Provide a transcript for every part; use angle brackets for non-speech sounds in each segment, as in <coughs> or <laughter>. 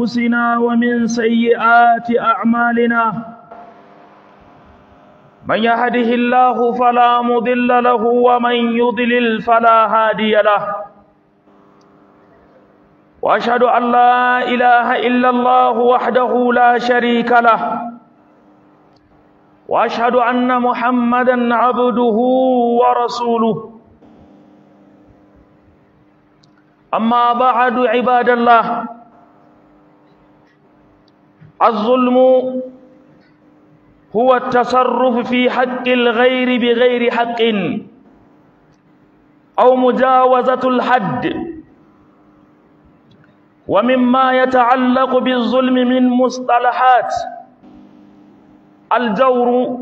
أنفسنا ومن سيئات أعمالنا من يهده الله فلا مضل له ومن يضلل فلا هادي له وأشهد أن لا إله إلا الله وحده لا شريك له وأشهد أن محمدًا عبده ورسوله أما بعد عباد الله الظلم هو التصرف في حق الغير بغير حق أو مجاوزة الحد ومما يتعلق بالظلم من مصطلحات الجور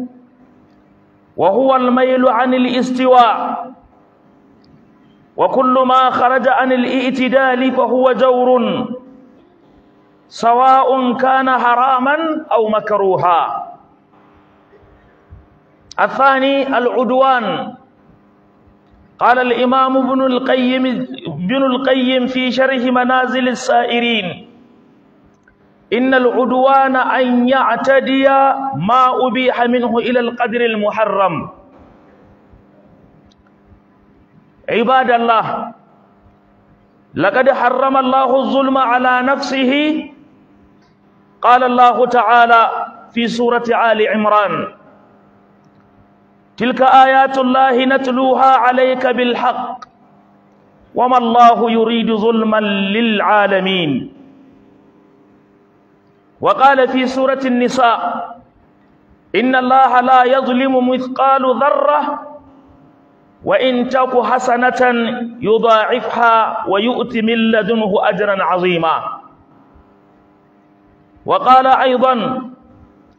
وهو الميل عن الاستواء وكل ما خرج عن الاعتدال فهو جور sawa’un kana haraman au makaruha a fani al’uduwan ƙalar imamu binul ƙayyim fi sharhi manazilin sa’irin inna al’uduwa na an yi a ta diya ma’ubi haminu ilal muharram ibadallah laƙadi harraman zulma ala nafsihi قال الله تعالى في سورة آل عمران تلك آيات الله نتلوها عليك بالحق وما الله يريد ظلما للعالمين وقال في سورة النساء إن الله لا يظلم مثقال ذرة وإن تك حسنة يضاعفها ويؤت من لدنه أجرا عظيما وقال أيضا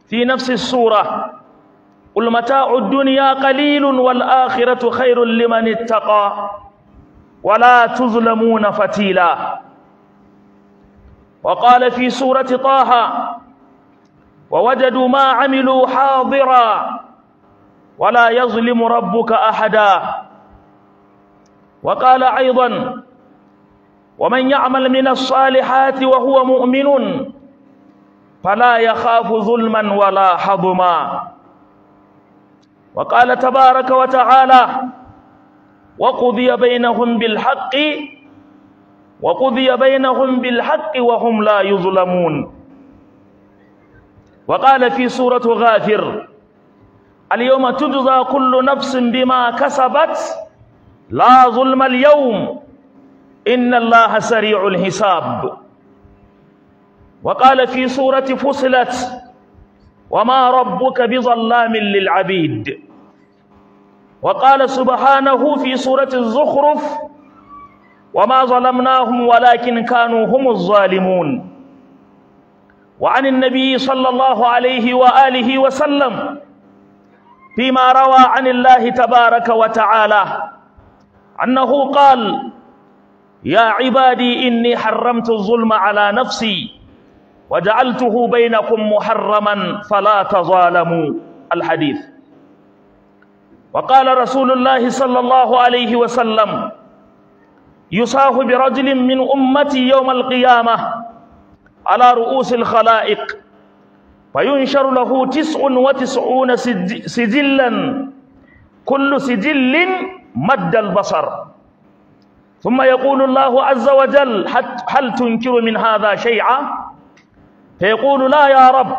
في نفس السورة قل متاع الدنيا قليل والآخرة خير لمن اتقى ولا تظلمون فتيلا وقال في سورة طه ووجدوا ما عملوا حاضرا ولا يظلم ربك أحدا وقال أيضا ومن يعمل من الصالحات وهو مؤمن فلا يخاف ظلما ولا حظما وقال تبارك وتعالى وقضي بينهم بالحق وقضي بينهم بالحق وهم لا يظلمون وقال في سورة غافر اليوم تجزى كل نفس بما كسبت لا ظلم اليوم إن الله سريع الحساب وقال في سورة فصلت وما ربك بظلام للعبيد وقال سبحانه في سورة الزخرف وما ظلمناهم ولكن كانوا هم الظالمون وعن النبي صلى الله عليه وآله وسلم فيما روى عن الله تبارك وتعالى أنه قال يا عبادي إني حرمت الظلم على نفسي وجعلته بينكم محرما فلا تظالموا الحديث وقال رسول الله صلى الله عليه وسلم يصاح برجل من أمتي يوم القيامة على رؤوس الخلائق فينشر له تسع وتسعون سجلا كل سجل مد البصر ثم يقول الله عز وجل هل تنكر من هذا شيئا فيقول لا يا رب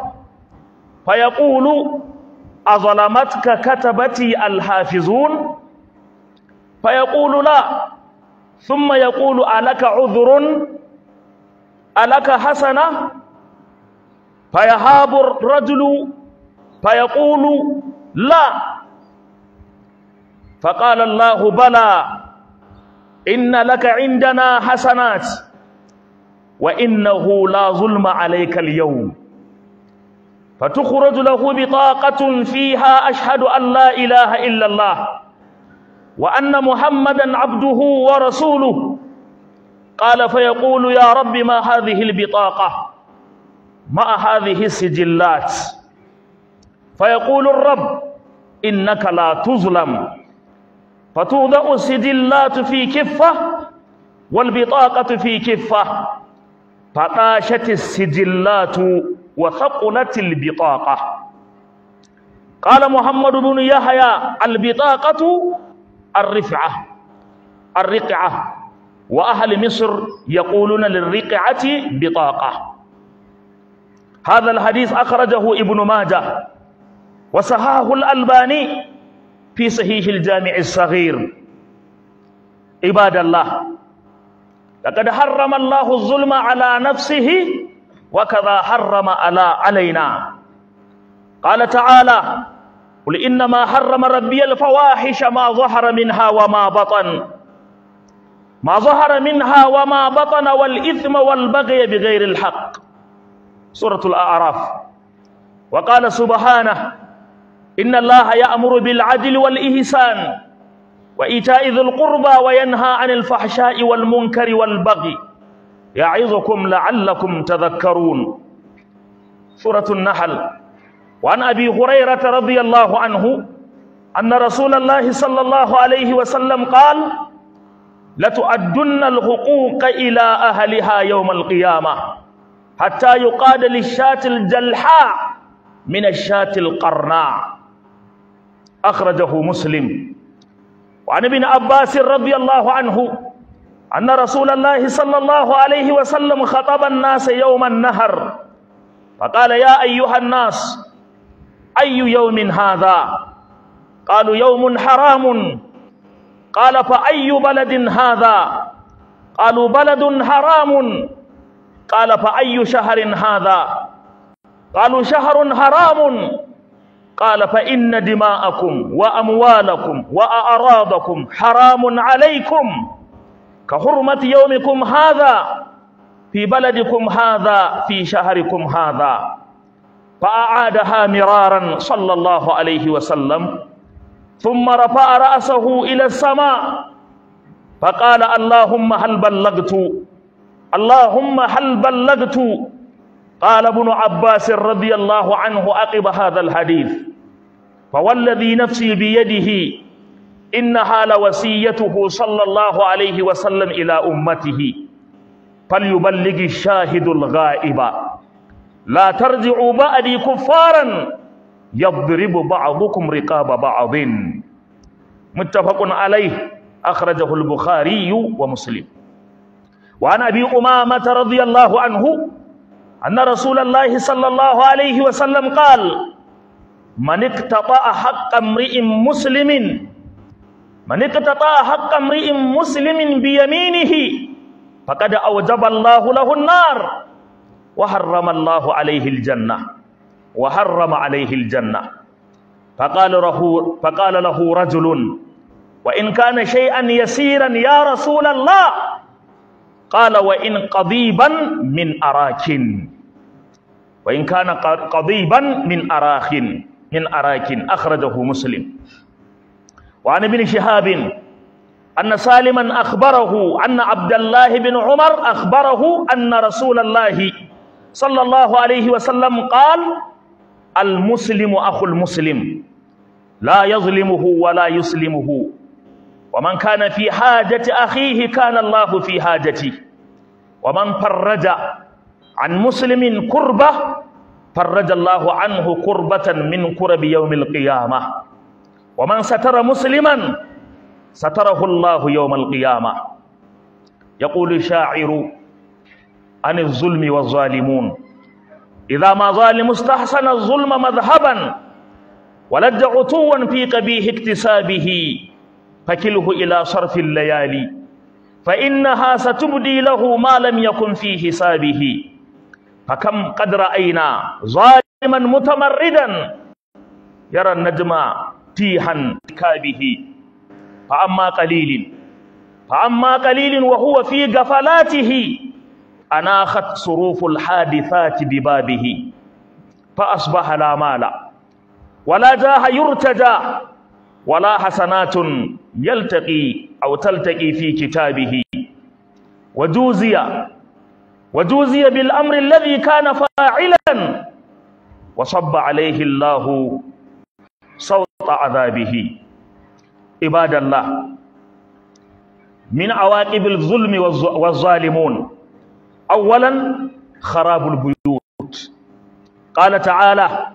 فيقول أظلمتك كتبتي الحافظون فيقول لا ثم يقول ألك عذر ألك حسنة فيهاب الرجل فيقول لا فقال الله بلى إن لك عندنا حسنات وإنه لا ظلم عليك اليوم فتخرج له بطاقة فيها أشهد أن لا إله إلا الله وأن محمدا عبده ورسوله قال فيقول يا رب ما هذه البطاقة ما هذه السجلات فيقول الرب إنك لا تظلم فتوضع السجلات في كفة والبطاقة في كفة فطاشت السجلات وثقلت البطاقة قال محمد بن يحيى البطاقة الرفعة الرقعة وأهل مصر يقولون للرقعة بطاقة هذا الحديث أخرجه ابن ماجه وصححه الألباني في صحيح الجامع الصغير عباد الله laqad harrama Allahu zulma ala nafsihi wa kadha harrama ala alaina qala ta'ala qul inna ma harrama rabbi al fawahisha ma zahara minha wa ma batana ما ظهر منها وما بطن والإثم والبغي بغير الحق سورة الأعراف وقال سبحانه إن الله يأمر بالعدل والإحسان وإيتاء ذي القربى وينهى عن الفحشاء والمنكر والبغي يعظكم لعلكم تذكرون سورة النحل وعن أبي هريرة رضي الله عنه أن رسول الله صلى الله عليه وسلم قال لتؤدن الحقوق إلى أهلها يوم القيامة حتى يقاد للشاة الجلحاء من الشاة القرناء أخرجه مسلم وعن ابن عباس رضي الله عنه أن رسول الله صلى الله عليه وسلم خطب الناس يوم النهر فقال يا أيها الناس أي يوم هذا قالوا يوم حرام قال فأي بلد هذا قالوا بلد حرام قال فأي شهر هذا قالوا شهر حرام قال فإن دماءكم وأموالكم وأعراضكم حرام عليكم كحرمة يومكم هذا في بلدكم هذا في شهركم هذا فأعادها مرارا صلى الله عليه وسلم ثم رفع رأسه إلى السماء فقال اللهم هل بلغت اللهم هل بلغت قال ابن عباس رضي الله عنه عقب هذا الحديث فوالذي نفسي بيده إنها لوصيته صلى الله عليه وسلم إلى أمته فليبلغ الشاهد الغائب لا ترجعوا بعدي كفارا يضرب بعضكم رقاب بعض متفق عليه أخرجه البخاري ومسلم وعن أبي أمامة رضي الله عنه أن رسول الله صلى الله عليه وسلم قال من اقتطع حق امرئ مسلم من اقتطع حق امرئ مسلم بيمينه فقد اوجب الله له النار وحرم الله عليه الجنه وحرم عليه الجنه فقال له فقال له رجل وان كان شيئا يسيرا يا رسول الله قال وان قضيبا من اراكن وان كان قضيبا من اراكن من أراكين أخرجه مسلم وعن ابن شهاب أن سالما أخبره أن عبد الله بن عمر أخبره أن رسول الله صلى الله عليه وسلم قال المسلم أخو المسلم لا يظلمه ولا يسلمه ومن كان في حاجة أخيه كان الله في حاجته ومن فرج عن مسلم كربه فرج الله عنه كربة من كرب يوم القيامة ومن ستر مسلما ستره الله يوم القيامة يقول الشاعر عن الظلم والظالمون إذا ما ظالم استحسن الظلم مذهبا ولج عتوا في قبيح اكتسابه فكله إلى صرف الليالي فإنها ستبدي له ما لم يكن في حسابه فكم قد رأينا ظالما متمردا يرى النجم تيها كابه فأما قليل فأما قليل وهو في غفلاته أناخت صروف الحادثات ببابه فأصبح لا مال ولا جاه يرتجى ولا حسنات يلتقي أو تلتقي في كتابه وجوزي وجوزي بالأمر الذي كان فاعلا وصب عليه الله صوت عذابه عباد الله من عواقب الظلم والظالمون أولا خراب البيوت قال تعالى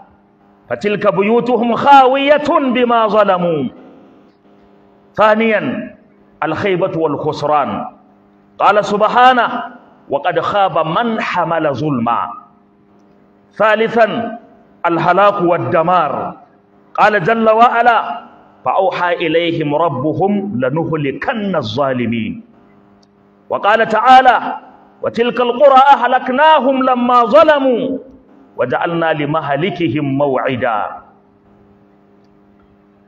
فتلك بيوتهم خاوية بما ظلموا ثانيا الخيبة والخسران قال سبحانه وقد خاب من حمل ظلما ثالثا الهلاك والدمار قال جل وعلا فأوحى إليهم ربهم لنهلكن الظالمين وقال تعالى وتلك القرى أهلكناهم لما ظلموا وجعلنا لمهلكهم موعدا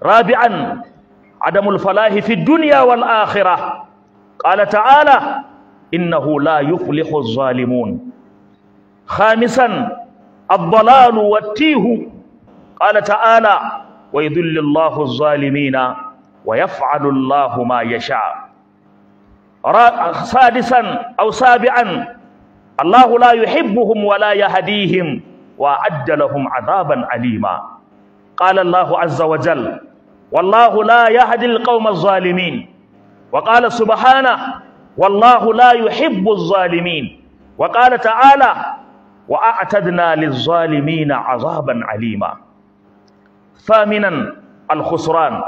رابعا عدم الفلاح في الدنيا والآخرة قال تعالى إنه لا يفلح الظالمون خامسا الضلال والتيه قال تعالى ويذل الله الظالمين ويفعل الله ما يشاء سادسا أو سابعا الله لا يحبهم ولا يهديهم وأعد لهم عذابا أليما قال الله عز وجل والله لا يهدي القوم الظالمين وقال سبحانه والله لا يحب الظالمين وقال تعالى وأعتدنا للظالمين عذابا عليما ثامنا الخسران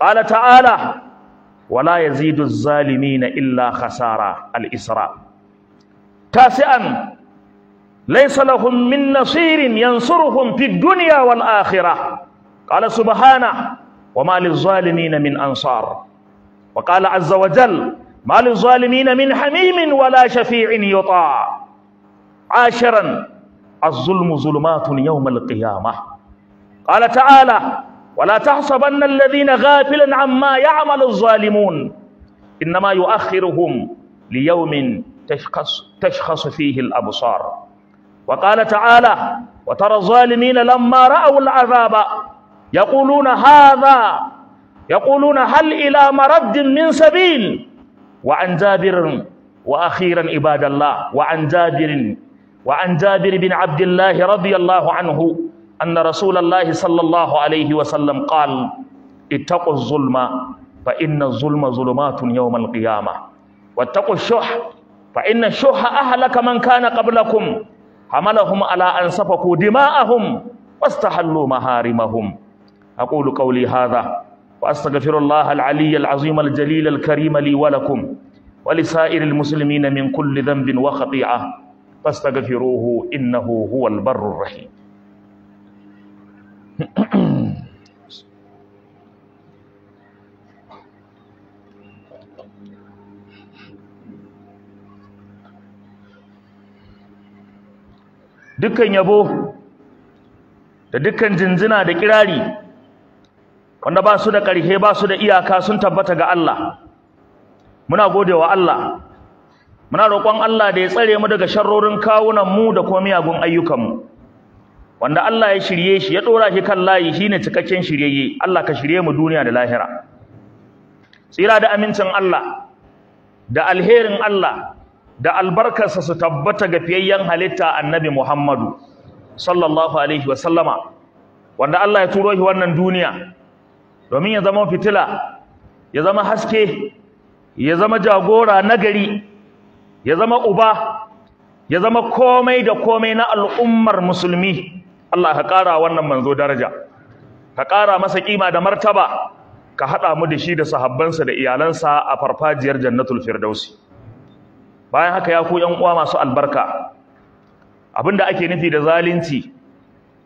قال تعالى ولا يزيد الظالمين إلا خسارة الإسراء تاسعا ليس لهم من نصير ينصرهم في الدنيا والآخرة قال سبحانه وما للظالمين من أنصار وقال عز وجل ما للظالمين من حميم ولا شفيع يطاع عاشرا الظلم ظلمات يوم القيامة قال تعالى ولا تحسبن الذين غافلا عما يعمل الظالمون إنما يؤخرهم ليوم تشخص, تشخص فيه الأبصار وقال تعالى وترى الظالمين لما رأوا العذاب يقولون هذا يقولون هل إلى مرد من سبيل وعن جابر وأخيرا عباد الله وعن جابر وعن جابر بن عبد الله رضي الله عنه أن رسول الله صلى الله عليه وسلم قال اتقوا الظلم فإن الظلم ظلمات يوم القيامة واتقوا الشح فإن الشح أهلك من كان قبلكم حملهم على أن سفكوا دماءهم واستحلوا مهارمهم أقول قولي هذا وأستغفر الله العلي العظيم الجليل الكريم لي ولكم ولسائر المسلمين من كل ذنب وخطيئة فاستغفروه إنه هو البر الرحيم dukkan yabo da dukkan jinjina da kirari wanda ba su da ƙarhe ba su da iyaka sun tabbata ga Allah muna godewa Allah muna roƙon Allah da ya tsare mu daga sharrorin kawunan mu da kuma miyagun ayyukan mu wanda Allah ya shirye shi ya dora shi kan layi shine cikakken shiryayye Allah ka shirye mu duniya da lahira tsira da amincin Allah da alherin Allah da albarkarsa su tabbata ga fiyayyen halitta annabi Muhammadu sallallahu alaihi wa sallama wanda Allah ya turo shi wannan duniya domin ya zama fitila ya zama haske ya zama jagora nagari ya zama uba ya zama komai da komai na al'ummar musulmi Allah ka ƙara wannan manzo daraja ka ƙara masa kima da martaba ka haɗa mu da shi da sahabbansa da iyalansa a farfajiyar jannatul firdausi bayan haka ya ku yan uwa masu albarka abinda ake nufi da zalunci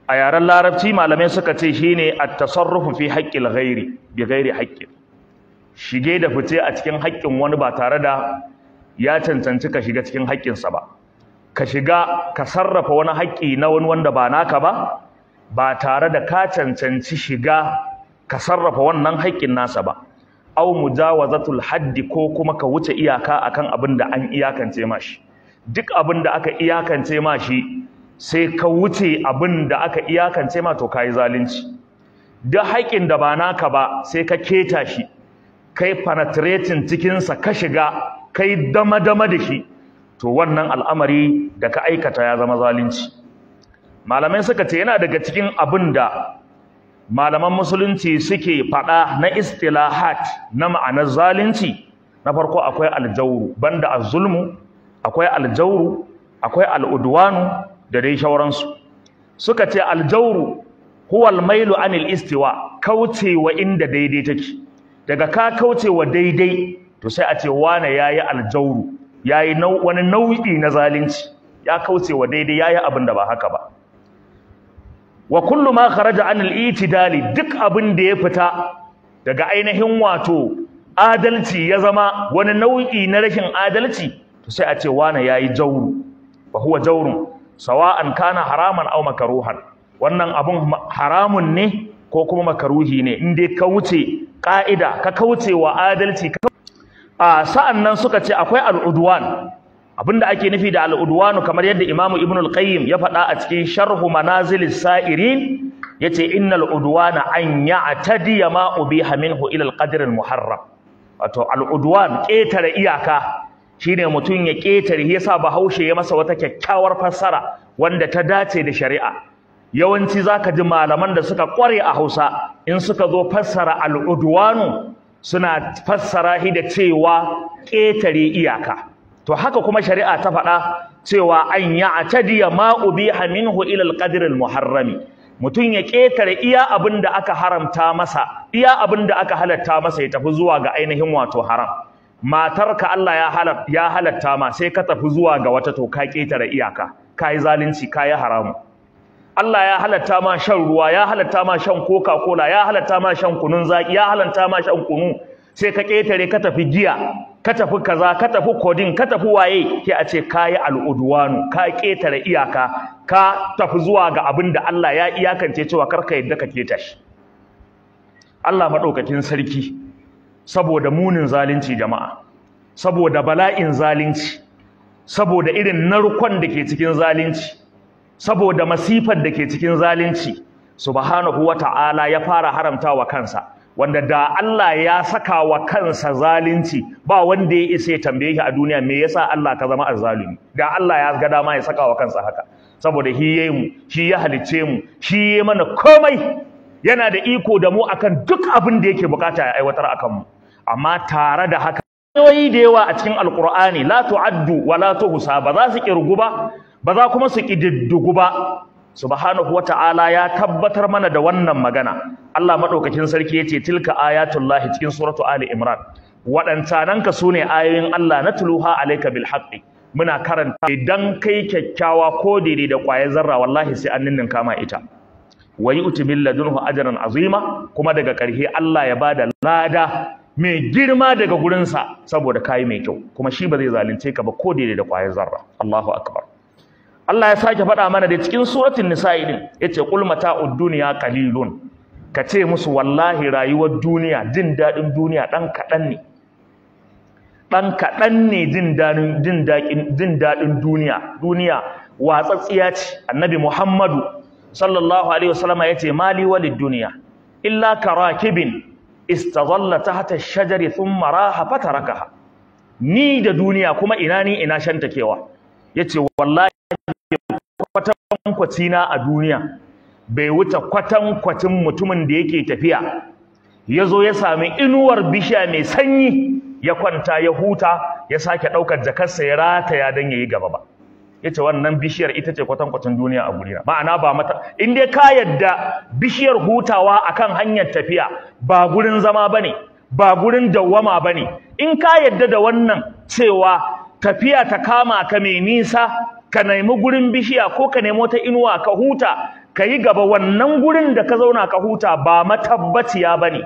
a yaren larabci malamai suka ce shine a tasarrufu fi haƙƙil gairi bi gairi shige da fice a cikin haƙƙin wani ba tare da ya cancanci ka shiga cikin haƙƙinsa ba ka shiga ka sarrafa wani haƙƙi na wani wanda ba naka ba ba tare da ka cancanci shiga ka sarrafa wannan haƙƙin nasa ba aw mujawazatul haddi ko kuma ka wuce iyaka akan abin da an iyakance mashi duk abin da aka iyakance mashi sai ka wuce abin da aka iyakance ma to kayi zalunci duk haƙin da ba naka ba sai ka keta shi kai penetrating cikinsa ka shiga kai dama-dama da shi to wannan al'amari da ka aikata ya zama zalunci malamai suka ce yana daga cikin abin da malaman musulunci suke faɗa na istilahat na ma'anar zalunci na farko akwai aljauru banda zulmu akwai aljauru akwai al'udwanu da dai shauransu suka ce aljauru huwa almailu anil istiwa kaucewa inda daidai take daga ka kaucewa daidai to sai a ce wane yayi aljauru yayi wani nau'i na zalunci ya kaucewa daidai yayi abin da ba haka ba wa kullu ma kharaja anil itidali duk abin da ya fita daga ainihin wato adalci ya zama wani nau'i na rashin adalci to sai a ce wane yayi jauru fa huwa jaurun sawa'an kana haraman aw makruhan wannan abun haramun ne ko kuma makaruhi ne in dai ka wuce ka kauce wa adalci a nan suka ce akwai al'udwan abinda ake nufi da al'uduwanu kamar yadda imamu ibn al-qayyim ya faɗa a cikin sharhu manazilis sa'irin yace innal udwana an ya a ubiha minhu ila al ilal al-muharram wato al'udwan ƙetare iyaka shine mutum ya ƙetare yasa bahaushe ya masa wata kyakkyawar fassara wanda ta dace da shari'a yawanci zaka ji malaman da suka ƙware a Hausa in suka zo fassara al'udwanu suna fassara shi da cewa ƙetare iyaka to haka kuma shari'a ta faɗa cewa an ya'tadiya ma ubiha minhu ila al-qadr al-muharrami mutum ya ƙetare iya abinda aka haramta iya abin aka halatta masa ya tafi zuwa ga ainihin wato haram matarka Allah ya halatta ma sai ka tafi zuwa ga wata to ka ƙetare iyaka kai zalunci kai haramu Allah ya halatta ma shan ruwa ya halatta ma shan coca-cola ya halatta ma shan kunun zaki ya halatta ma shan kunu sai ka ketare ka tafi giya ka tafi kaza ka tafi kodin ka tafi waye ke a ce kayi al'udwanu ka ƙetare iyaka ka tafi zuwa ga abin da Allah ya iyakance cewa karka yadda ka keta shi Allah maɗaukakin sarki saboda munin zalunci jama'a saboda bala'in zalunci saboda irin narkon da ke cikin zalunci saboda masifar da ke cikin zalunci subhanahu ta'ala ya fara haramta wa kansa wanda da Allah ya saka wa kansa zalunci ba wanda ya isa ya tambaye shi a duniya me yasa Allah ka zama azalumi? da Allah ya ga dama ya saka wa kansa haka saboda shi mu shi ya halice mu shi yayi mana komai yana da iko da mu akan duk abin da yake bukata ya aiwatar akan mu amma tare da haka ayoyi da yawa a cikin alkur'ani la tu'addu wa la tuhsa ba za su kirgu ba ba za kuma su kididdugu ba subhanahu wata'ala ya tabbatar mana da wannan magana Allah madaukakin sarki yace tilka ayatullahi cikin suratu ali imran waɗantananka su ne ayoyin Allah na tuluha Alayka bil haqqi muna karanta idan kai kyakkyawa ko daidai da kwaye zarra wallahi sai an ninnin kama ita wa yu'ti min ladunhu ajran azima kuma daga ƙarshe Allah ya bada lada mai girma daga gurinsa saboda kayi mai kyau kuma shi ba zai zalunce ka ba ko daidai da kwayar zarra Allahu akbar Allah ya sake faɗa mana da cikin suratul nisa'i din yace qul mata'ud dunya qalilun ka ce musu wallahi rayuwar duniya jin dadin duniya dan kadan ne dan kadan ne jin dadin jin dadin jin dadin duniya duniya watsatsiya ce annabi Muhammadu sallallahu alaihi wasallam yace mali walid dunya illa karakibin istazalla tahta shajari thumma raha fatarakaha ni da duniya kuma ina ni ina shanta kewa yace wallahi kwatan kwatina a duniya bai wuce kwatan kwatin mutumin da yake tafiya yazo ya sami inuwar bishiya mai sanyi ya kwanta ya huta ya sake daukar jakarsa ya rataya dan yayi gaba ba yace wannan bishiyar ita ce kwatankwacin duniya a gurina ma'ana ba mata in dai ka yadda bishiyar hutawa a kan hanyar tafiya ba gurin zama bane ba gurin dawwama bane in ka yadda da wannan cewa tafiya ta kama ka mai nisa ka nemi gurin bishiya ko ka nemi wata inuwa ka huta ka yi gaba wannan gurin da ka zauna ka huta ba matabbaciya bane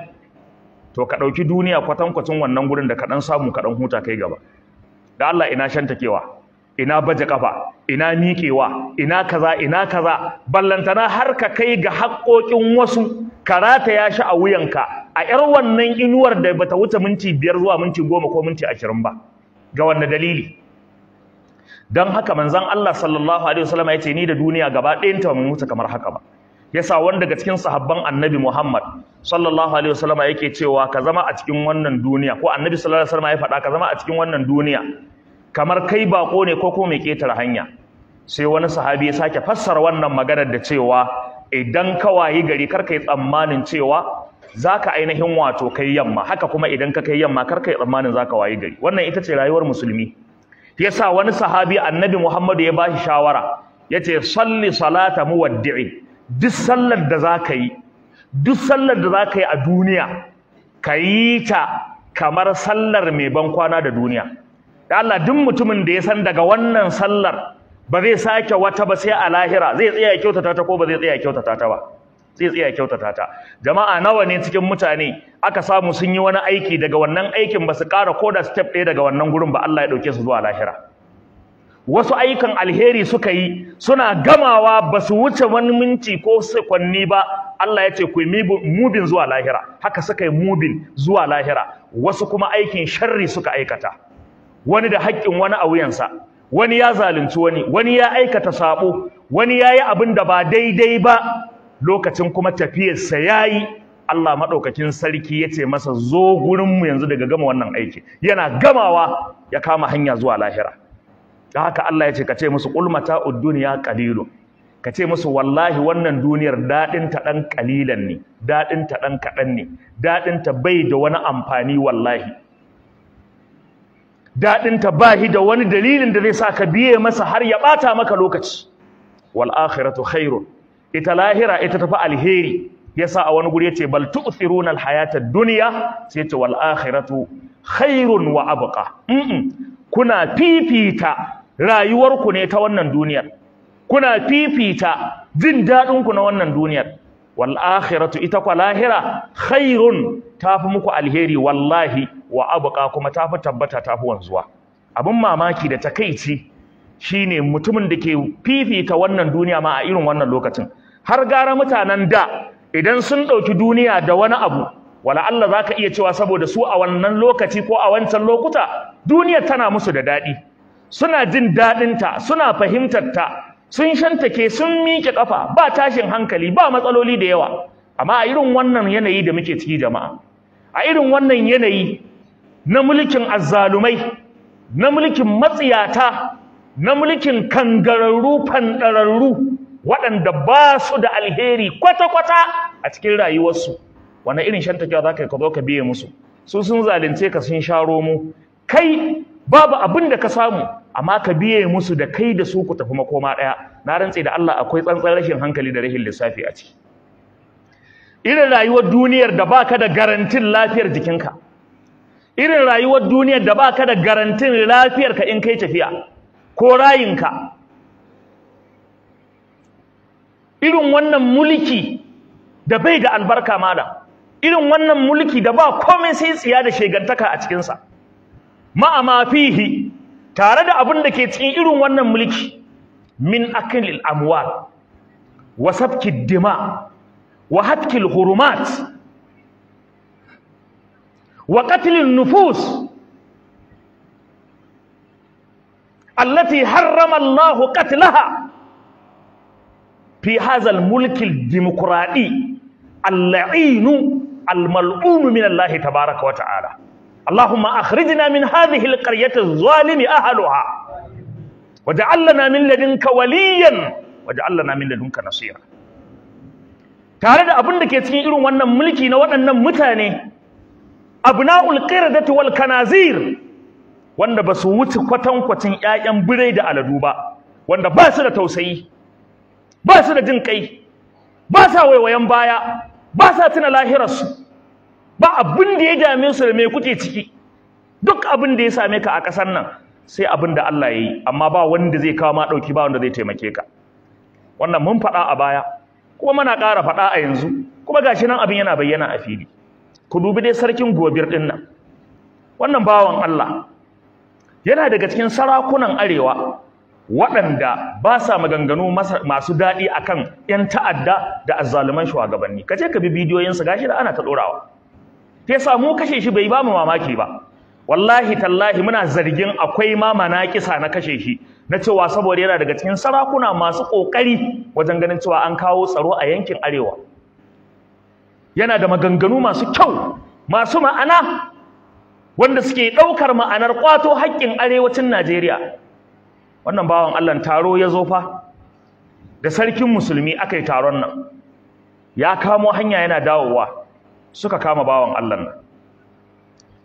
to ka ɗauki duniya kwatankwacin wannan gurin da ka ɗan samu ka ɗan huta kai gaba da Allah ina shan takewa ina baje kafa ina miƙewa ina kaza ina kaza ballantana har ka kai ga haƙoƙin wasu karata ya shi a wuyanka a ƴar wannan inuwar da bata wuce minti biyar zuwa minti goma ko minti ashirin ba ga wanne dalili dan haka manzon Allah sallallahu alaihi wasallam ya ni da duniya gaba ɗayanta mun mutu kamar haka ba yasa wanda daga cikin sahabban annabi Muhammad sallallahu alaihi wasallam yake cewa ka zama a cikin wannan duniya ko annabi sallallahu alaihi wasallam ya faɗa ka zama a cikin wannan duniya kamar kai bako ne ko kuma mai ketar hanya sai wani sahabi ya sake fassara wannan maganar da cewa idan ka wayi gari kar kai tsammanin cewa zaka ainihin wato kai yamma haka kuma idan ka kai yamma kar kai tsammanin zaka wayi gari wannan ita ce rayuwar musulmi yasa wani sahabi annabi Muhammadu ya bashi shawara yace salli salata muwaddi'i duk sallar da zaka yi duk sallar da zaka yi a duniya ka ta kamar sallar mai ban kwana da duniya da Allah duk mutumin da ya san daga wannan sallar ba zai sake wata ba sai a lahira zai tsaya ya kyautata ta ko ba zai tsaya ya kyautata ta ba zai tsaya ya kyautata ta jama'a nawa ne cikin mutane aka samu sun yi wani aiki daga wannan aikin ba su ƙara ko da step ɗaya daga wannan gurin ba Allah ya ɗauke su zuwa lahira wasu ayyukan alheri suka yi suna gamawa ba su wuce wani minti ko sekwanni ba Allah ya ce ku yi mubin zuwa lahira haka suka yi mubin zuwa lahira wasu kuma aikin sharri suka aikata wani da haƙƙin wani a wuyansa wani ya zalunci wani wani ya aikata sabo wani ya yi abin da ba daidai ba lokacin kuma tafiyarsa ya yi Allah maɗaukakin sarki ya ce masa zo gurinmu yanzu daga gama wannan aiki yana gamawa ya kama hanya zuwa lahira da haka Allah ya ce ka ce musu ulmata udduniya qalilu ka ce musu wallahi wannan duniyar daɗin ta ɗan ƙalilan ne daɗin ta ɗan kaɗan ne daɗin ta bai da wani amfani wallahi daɗinta ba shi da wani dalilin da zai sa ka biye masa har ya ɓata maka lokaci wal akhiratu khairun ita lahira ita tafi alheri yasa a wani guri yace bal tu'thiruna al hayata dunya sai yace wal khairun wa abuka. kuna fifita rayuwarku ne ta wannan duniyar kuna fifita jin daɗinku na wannan duniyar wal ita kwa lahira khairun fi muku alheri wallahi wa abuka kuma ta fi tabbata ta fi wanzuwa abin mamaki da takaici shine mutumin da ke fifita wannan duniya ma a irin wannan lokacin har gara mutanen da idan sun ɗauki duniya da wani abu wala Allah za ka iya cewa saboda su a wannan lokaci ko a wancan lokuta Duniya tana musu da daɗi, suna jin daɗinta, suna fahimtarta, ta sun shantake sun miƙe ƙafa, ba tashin hankali ba matsaloli da yawa amma a irin wannan yanayi da muke ciki jama'a a irin wannan yanayi na mulkin azzalumai na mulkin matsiyata na mulkin kangararru fandararru waɗanda ba su da alheri kwata-kwata a cikin rayuwarsu wani irin shantakewa za ka yi ka zo ka biye musu su sun zalunce ka sun sha romo kai babu abin da ka samu amma ka biye musu da kai da su ku tafi makoma ɗaya na rantse da Allah akwai tsantsan rashin hankali da rashin lissafi a ciki irin rayuwar duniyar da baka da garantin lafiyar jikinka irin rayuwar duniyar da baka da garantin lafiyarka in kai tafiya ko rayinka irin wannan mulki da bai da albarka malam irin wannan mulki da ba komai sai tsiya da shegantaka a cikinsa ma'a ma fihi tare da abin da ke cikin irin wannan mulki min akilil amwal wa sabki dima wa hatkil hurumat وقتل النفوس التي حرم الله قتلها في هذا الملك الديمقراطي اللعين الملعون من الله تبارك وتعالى اللهم أخرجنا من هذه القرية الظالم أهلها وجعلنا من لدنك وليا وجعلنا من لدنك نصيرا تعالى أبنك abin da ملكي cikin متاني abna'ul qiradati wal kanazir wanda ba su wuce kwatankwacin ƴaƴan birai da aladu ba wanda ba su da tausayi ba su da jin kai ba sa waiwayen baya ba sa tuna lahirarsu ba abin da ya dame su da me kuke ciki duk abin da ya same ka a ƙasar nan sai abin da Allah ya yi amma ba wanda zai kawo ma ɗauki ba wanda zai taimake ka wannan mun faɗa a baya kuma muna ƙara faɗa a yanzu kuma gashi nan abin yana bayyana a fili ku dubi dai sarkin gobir din nan wannan bawan Allah yana daga cikin sarakunan arewa waɗanda ba sa maganganu masu daɗi akan 'yan ta'adda da azzaluman shugabanni ka je ka bi su gashi da ana ta ɗorawa ta yasa mu kashe shi bai ba mu mamaki ba wallahi tallahi muna zargin akwai ma manaƙisa na kashe shi na cewa saboda yana daga cikin sarakuna masu ƙoƙari wajen ganin cewa an kawo tsaro a yankin arewa yana da maganganu masu kyau masu ma'ana wanda suke ɗaukar ma'anar ƙwato haƙƙin arewacin Najeriya wannan bawan Allah taro ya zo fa da sarkin musulmi aka yi taron nan ya kamo hanya yana dawowa suka kama bawan Allah nan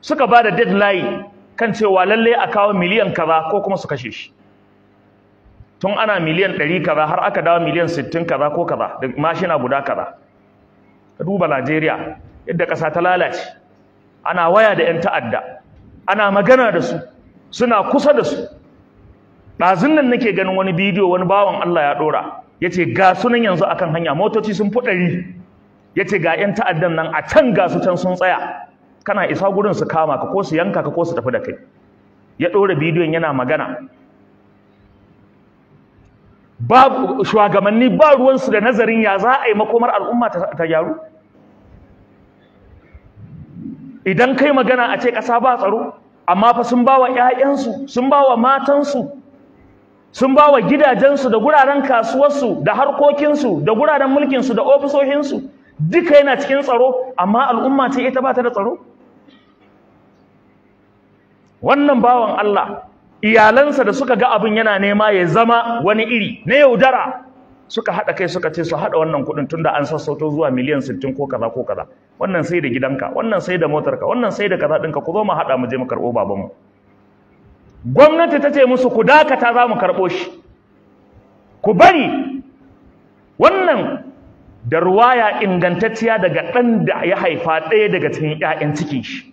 suka ba da deadline kan cewa lalle a kawo miliyan kaza ko kuma su kashe shi tun ana miliyan 100 kaza har aka dawo miliyan 60 kaza ko kaza da mashina guda kaza ka duba Najeriya yadda ƙasa ta lalace ana waya da 'yan ta'adda ana magana da su suna kusa da su ɗazun nan nake ganin wani bidiyo wani bawan Allah ya ɗora ya ce ga sunan yanzu akan hanya motoci sun fuɗari ya ce ga 'yan ta'addan nan a can ga su can sun tsaya kana isa gurin su kama ka ko su yanka ka ko su tafi da kai ya ɗora bidiyon yana magana babu shugabanni ba ruwansu da nazarin ya za a yi makomar al'umma ta gyaru idan kai magana a ce ƙasa ba tsaro amma fa sun ba wa ‘ya'yansu sun ba wa matansu sun ba wa gidajensu da guraren kasuwarsu da harkokinsu da guraren mulkinsu da ofisohinsu, duka yana cikin tsaro amma al'umma ce ita ba ta da tsaro wannan bawan Allah iyalansa da suka ga abin yana nema ya zama wani iri na yaudara suka haɗa kai suka ce su haɗa wannan kuɗin tunda an sassauto zuwa miliyan sittin ko kaza ko kaza wannan sai da gidanka wannan sai da motarka wannan sai da kaza ɗinka ku zo mu haɗa mu je mu karɓo babanmu gwamnati ta ce musu ku dakata za mu karɓo shi ku bari wannan da ruwaya ingantacciya daga ɗan da ya haifa ɗaya daga cikin ‘ya'yan cikin shi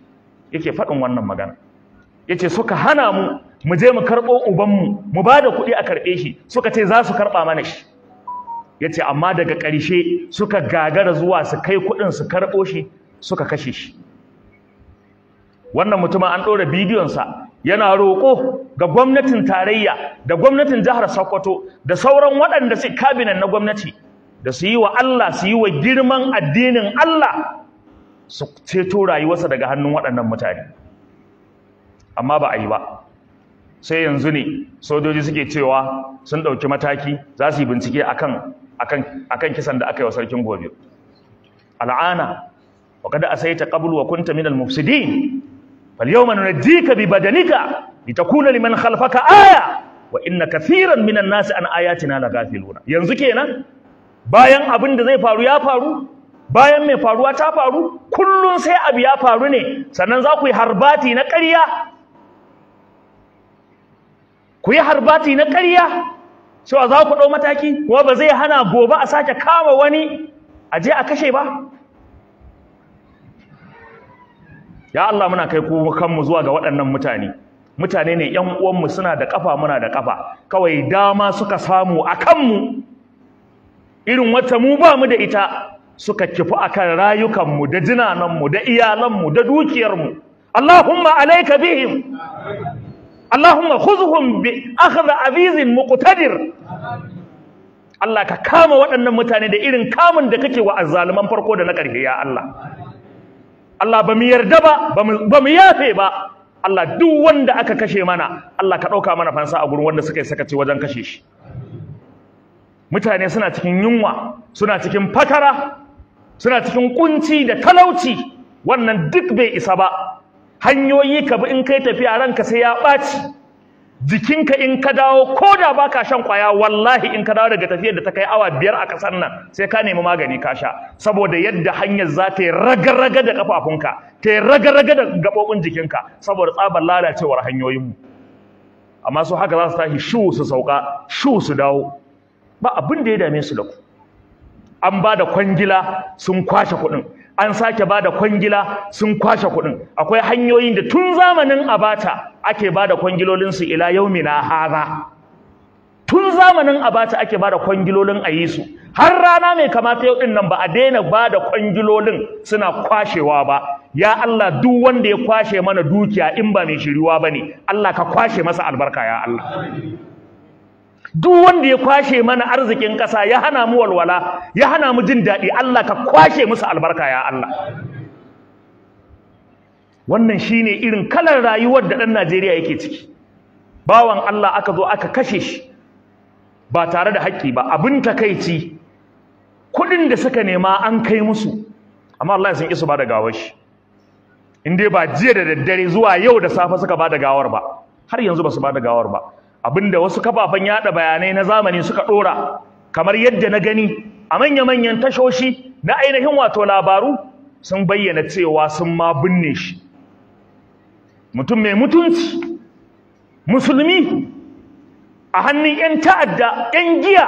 yake faɗin wannan magana ya ce suka hana mu mu je mu karɓo ubanmu mu ba da kuɗi a karɓe shi suka ce za su karɓa mana shi ya ce amma daga ƙarshe suka gagara zuwa su kai kuɗin su karɓo shi suka kashe shi wannan mutumin an ɗora bidiyonsa yana roƙo ga gwamnatin tarayya da gwamnatin jihar sokoto da sauran waɗanda su kabinan na gwamnati da su yi wa allah su yi wa girman addinin allah su ceto rayuwarsa daga hannun waɗannan mutane amma ba a yi ba sai yanzu ne sojoji suke cewa sun ɗauki mataki za su yi bincike akan akan kisan da aka yi wa sarkin gobe al'ana wa kada asaita qablu wa kunta minal mufsidin falyawma nunaddika bi badanika litakuna liman khalfaka aya wa inna kathiran minan nasi an ayatina lagafiluna yanzu kenan bayan abin da zai faru ya faru bayan mai faruwa ta faru kullum sai abu ya faru ne sannan za ku yi harbati na ƙarya ku yi harbati na ƙarya cewa za ku ɗau mataki kuma ba zai hana gobe a sake kama wani a je a kashe ba ya Allah muna kai kanmu zuwa ga waɗannan mutane mutane ne ƴan uwanmu suna da ƙafa muna da ƙafa kawai dama suka samu a kanmu irin wata mu ba mu da ita suka kifi akan rayukanmu da jinananmu da iyalanmu da dukiyarmu Allahumma alaika bihim Allahumma khuzhum bi akhdh azizin muqtadir Allah ka kama waɗannan mutane da irin kamun da kake wa azzaluman farko da na ƙarfe ya Allah Allah ba mu yarda ba ba mu yafe ba Allah duk wanda aka kashe mana Allah ka ɗauka mana fansa a gurin wanda suka yi sakaci wajen kashe shi mutane suna cikin yunwa suna cikin fakara suna cikin kunci da talauci wannan duk bai isa ba hanyoyi ka bi in kai tafiya ranka sai ya ɓaci jikinka in ka dawo ko da baka shan kwaya wallahi in ka dawo daga tafiyar da ta kai awa biyar a kasar nan sai ka nemi magani ka sha saboda yadda hanyar za ta yi raga-raga da ƙafafunka ta yi raga-raga da gaɓoɓin jikinka saboda tsabar lalacewar hanyoyinmu amma su haka za su tashi shu su sauka shu su dawo ba abin da ya dame su da ku an ba da kwangila sun kwashe kuɗin an sake bada kwangila sun kwashe kuɗin akwai hanyoyin da tun zamanin abata ake bada da su ila yaumina haza tun zamanin abata ake bada kwangilolin a yi har rana mai kamata yau ɗinnan nan ba a daina bada kwangilolin suna kwashewa ba ya Allah duk wanda ya kwashe mana dukiya in ba mai shiriwa bane Allah ka kwashe masa albarka ya Allah duk wanda ya kwashe mana arzikin ƙasa ya hana mu walwala ya hana mu jin daɗi Allah ka kwashe musu albarka ya Allah wannan shine irin kalar rayuwar da ɗan Najeriya yake ciki bawan Allah aka zo aka kashe shi ba tare da haƙƙi ba abin takaici kuɗin da suka nema an kai musu amma Allah ya sun isu ba da gawar shi in dai ba jiya da daddare zuwa yau da safe suka ba da gawar ba har yanzu ba su ba da gawar ba abinda wasu kafafen yaɗa bayanai na zamani suka dora kamar yadda na gani a manya-manyan tashoshi na ainihin wato labaru sun bayyana cewa sun ma binne shi mutum mai mutunci musulmi a hannun 'yan ta'adda 'yan giya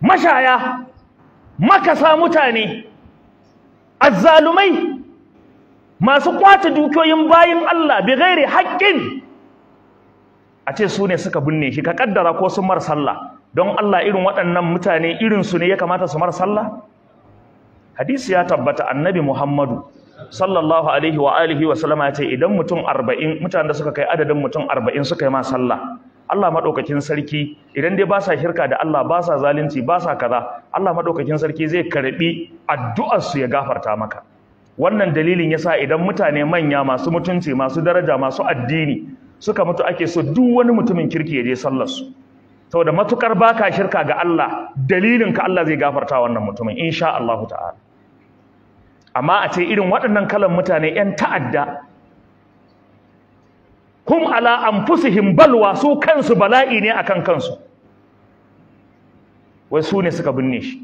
mashaya makasa mutane azzalumai masu kwace dukiyoyin bayin Allah bi gairi haƙƙin a ce su ne suka binne shi ka kaddara ko sun mara sallah don Allah irin waɗannan mutane irin su ne ya kamata su mara sallah hadisi ya tabbata annabi Muhammadu sallallahu alaihi wa alihi wa sallama ya ce idan mutum 40 mutanen da suka kai adadin mutum arba'in suka yi ma sallah Allah madaukakin sarki idan dai ba sa shirka da Allah ba sa zalunci ba sa kaza Allah madaukakin sarki zai karɓi addu'ar su ya gafarta maka wannan dalilin yasa idan mutane manya masu mutunci masu daraja masu addini suka mutu ake so duk wani mutumin kirki ya je sallar su saboda matukar baka shirka ga Allah dalilin ka Allah zai gafarta wannan mutumin insha Allah ta'ala amma a ce irin waɗannan kalan mutane yan ta'adda hum ala anfusihim balwa su kansu bala'i ne akan kansu wai su ne suka binne shi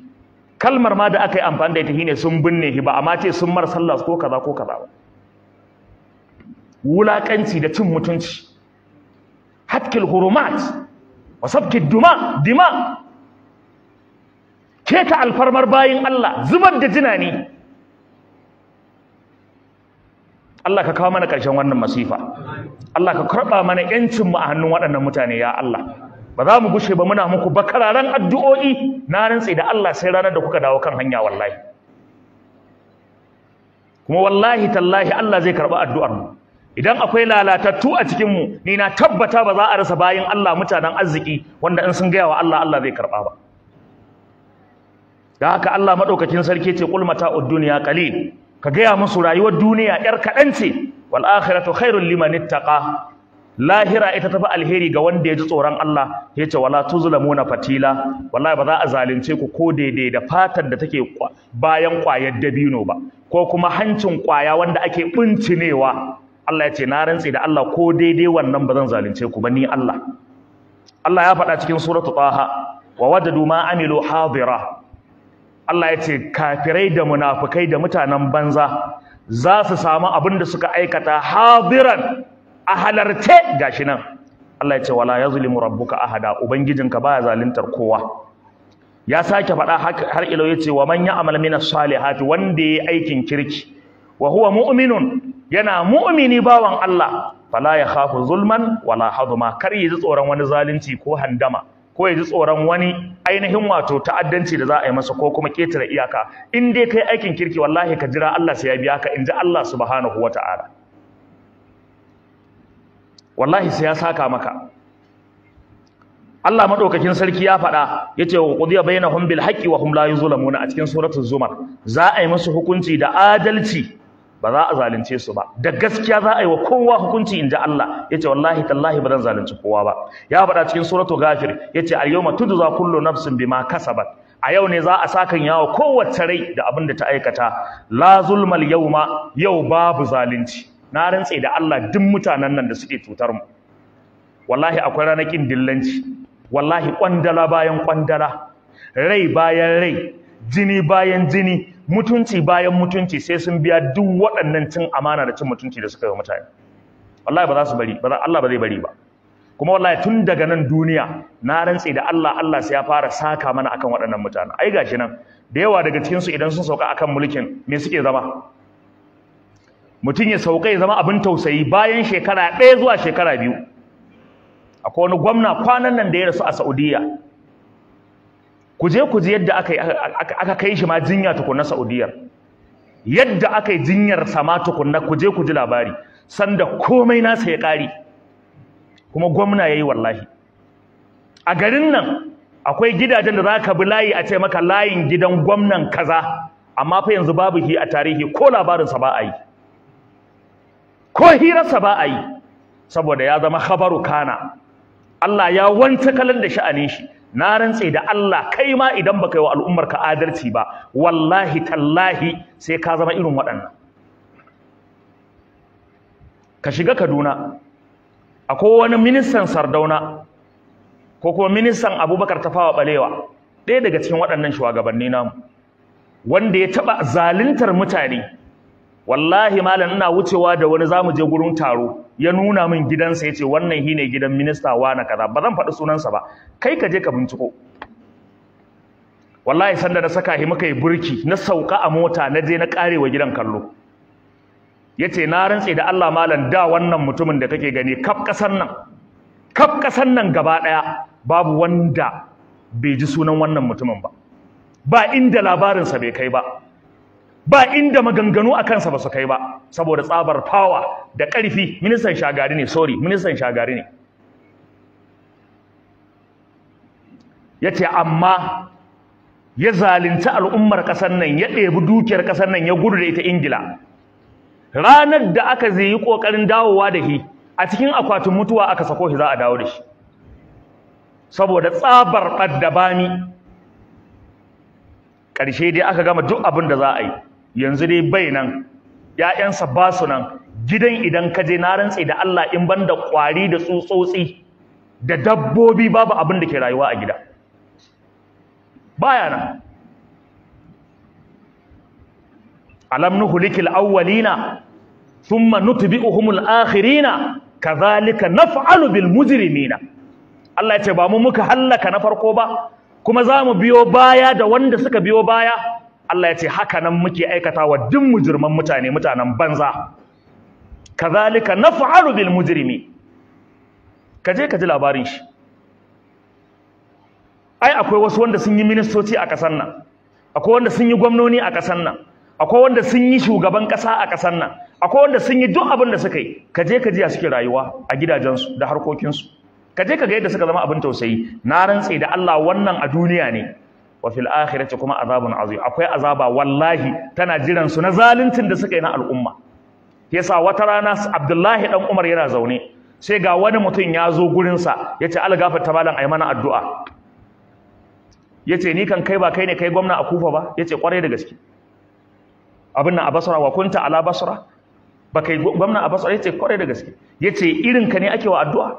kalmar ma da aka yi amfani da ita shine sun binne shi ba amma ce sun mar sallah ko kaza ko kaza ba wulakanci da cin mutunci hatkil hurumat wa sabkid duma dima keta alfarmar bayin Allah zubar da jinani Allah ka kawo mana ƙarshen wannan masifa Allah ka karɓa mana ƴancinmu mu a hannun waɗannan mutane ya Allah ba za mu gushe ba muna muku bakararan addu'o'i na rantsi da Allah sai ranar da kuka dawo kan hanya wallahi kuma wallahi tallahi Allah zai karɓi addu'ar mu idan akwai lalatattu a cikinmu ni na tabbata ba za a rasa bayan Allah mutanen arziki wanda in sun gaya wa Allah Allah zai karɓa ba da haka Allah maɗaukakin sarki ce qul mata'ud dunya qalil ka gaya musu rayuwar duniya yar kaɗan ce wal akhiratu khairul liman ittaqa lahira ita tafi alheri ga wanda ya ji tsoron Allah ya ce wala tuzlamuna fatila wallahi ba za a zalunce ku ko daidai da fatar da take bayan kwayar dabino ba ko kuma hancin kwaya wanda ake bincinewa Allah ya ce na rantse da Allah ko daidai wannan ba zan zalunce ku ba ni Allah Allah ya faɗa cikin suratu Taha wa wajadu ma amilu hadira Allah ya ce kafirai da munafukai da mutanen banza za su samu abin da suka aikata hadiran a halarce gashi nan Allah ya ce wala yazlimu rabbuka ahada ubangijinka baya zaluntar kowa ya sake faɗa har ilo ya ce wa man ya'mal min salihati wanda yayi aikin kirki wa huwa mu'minun yana mu'mini bawan Allah fala ya khafu zulman wala hadma kar yi tsoron wani zalunci ko handama ko ya tsoron wani ainihin wato ta'addanci da za a yi masa ko kuma ketare iyaka in dai kai aikin kirki wallahi ka jira Allah sai ya biya ka in ji Allah subhanahu wata'ala wallahi sai ya saka maka Allah madaukakin sarki ya faɗa yace wa qudiya bainahum bil haqqi wa hum la yuzlamuna a cikin suratul zumar za a yi musu hukunci da adalci ba za a zalunce su ba da gaskiya za a yi wa kowa hukunci inji Allah yace wallahi tallahi ba zan zalunci kowa ba ya faɗa cikin suratu ghafir yace al yawma tudza kullu nafsin bima kasabat a yau ne za a ya yawo kowace rai da abin da ta aikata la zulmal yawma yau babu zalunci na rantse da Allah duk mutanen nan da suke cutar mu wallahi akwai ranakin dillanci wallahi kwandala bayan kwandala rai bayan rai jini bayan jini mutunci bayan mutunci sai sun biya duk waɗannan cin amana da cin mutunci da suka yi mutane wallahi ba za su bari Allah ba zai bari ba kuma wallahi tun daga nan duniya na rantse da Allah Allah sai ya fara saka mana akan waɗannan mutane ai gashi nan da yawa daga cikin su idan sun sauka akan mulkin me suke zama mutum ya sauka ya zama abin tausayi bayan shekara ɗaya zuwa shekara biyu akwai wani gwamna kwanan nan da ya rasu a Saudiya ku je ku yadda aka aka kai shi ma jinya tukunna Saudiyar yadda aka yi jinyar sama tukunna kuje je labari sanda komai nasa ya kare kuma gwamna yayi wallahi a garin nan akwai gidajen da zaka ka bi layi a ce maka layin gidan gwamnan kaza amma fa yanzu babu hi a tarihi ko labarinsa ba a yi ko hirarsa ba a yi saboda ya zama khabaru kana Allah ya wanta kalan da sha'anin shi na rantse da Allah kai ma idan baka yi wa al'ummar ka adalci ba wallahi tallahi sai ka zama irin waɗannan ka shiga Kaduna akwai wani ministan Sardauna ko kuma ministan Abubakar Tafawa Balewa ɗaya daga cikin waɗannan shugabanni namu wanda ya taɓa zaluntar mutane wallahi malam ina wucewa da wani zamu je gurin taro ya nuna min gidansa ya ce wannan shi ne gidan minista na kaza ba zan faɗi sunansa ba kai ka je ka binciko wallahi sanda na saka shi muka yi burki na sauka a mota na je na karewa gidan kallo ya ce na rantse da Allah malam da wannan mutumin da kake gani kaf kasan nan kaf nan gaba ɗaya babu wanda bai ji sunan wannan mutumin ba ba inda labarinsa bai kai ba ba inda maganganu a kansa ba su kai ba saboda tsabar fawa da ƙarfi ministan shagari ne sorry ministan shagari ne ya ce amma ya zalunci al'ummar ƙasar nan ya ɗebi dukiyar ƙasar nan ya gudu da ita ingila ranar da aka zai yi ƙoƙarin dawowa da shi a cikin akwatin mutuwa aka sako shi za a dawo da shi saboda tsabar ɓaddabami ƙarshe dai aka gama duk abin da za a yi yanzu dai bai nan ‘ya'yansa ba su nan gidan idan ka je na rantse da Allah in ban da ƙwari da tsutsotsi da dabbobi babu abin da ke rayuwa a gida baya nan alam nuhlikil awwalina thumma nutbi'uhumul akhirina kadhalika naf'alu bil mujrimina Allah ya ce ba mu muka hallaka na farko ba kuma za mu biyo baya da wanda suka biyo baya Allah ya ce haka nan muke aikata wa duk mujirman mutane mutanen banza kazalika naf'alu bil mujrimi kaje ka labarin shi ai akwai wasu wanda sun yi ministoci a kasar nan akwai wanda sun yi gwamnoni a kasar nan akwai wanda sun yi shugaban kasa a kasar nan akwai wanda sun yi duk abin da suka yi kaje ka a suke rayuwa a gidajensu da harkokinsu kaje ka ga yadda suka zama abin tausayi na rantse da Allah wannan a duniya ne wa fil akhirati kuma azabun azim akwai azaba wallahi tana jiran su na zaluncin da suka yi na al'umma yasa wata rana Abdullahi dan Umar yana zaune sai ga wani mutum ya zo gurin sa yace Allah ta malam ayi mana addu'a yace ni kan kai ba kai ne kai gwamna a Kufa ba yace kwarai da gaske abin nan a Basra wa kunta ala Basra ba kai gwamna a Basra yace kwarai da gaske yace irin ka ne ake wa addu'a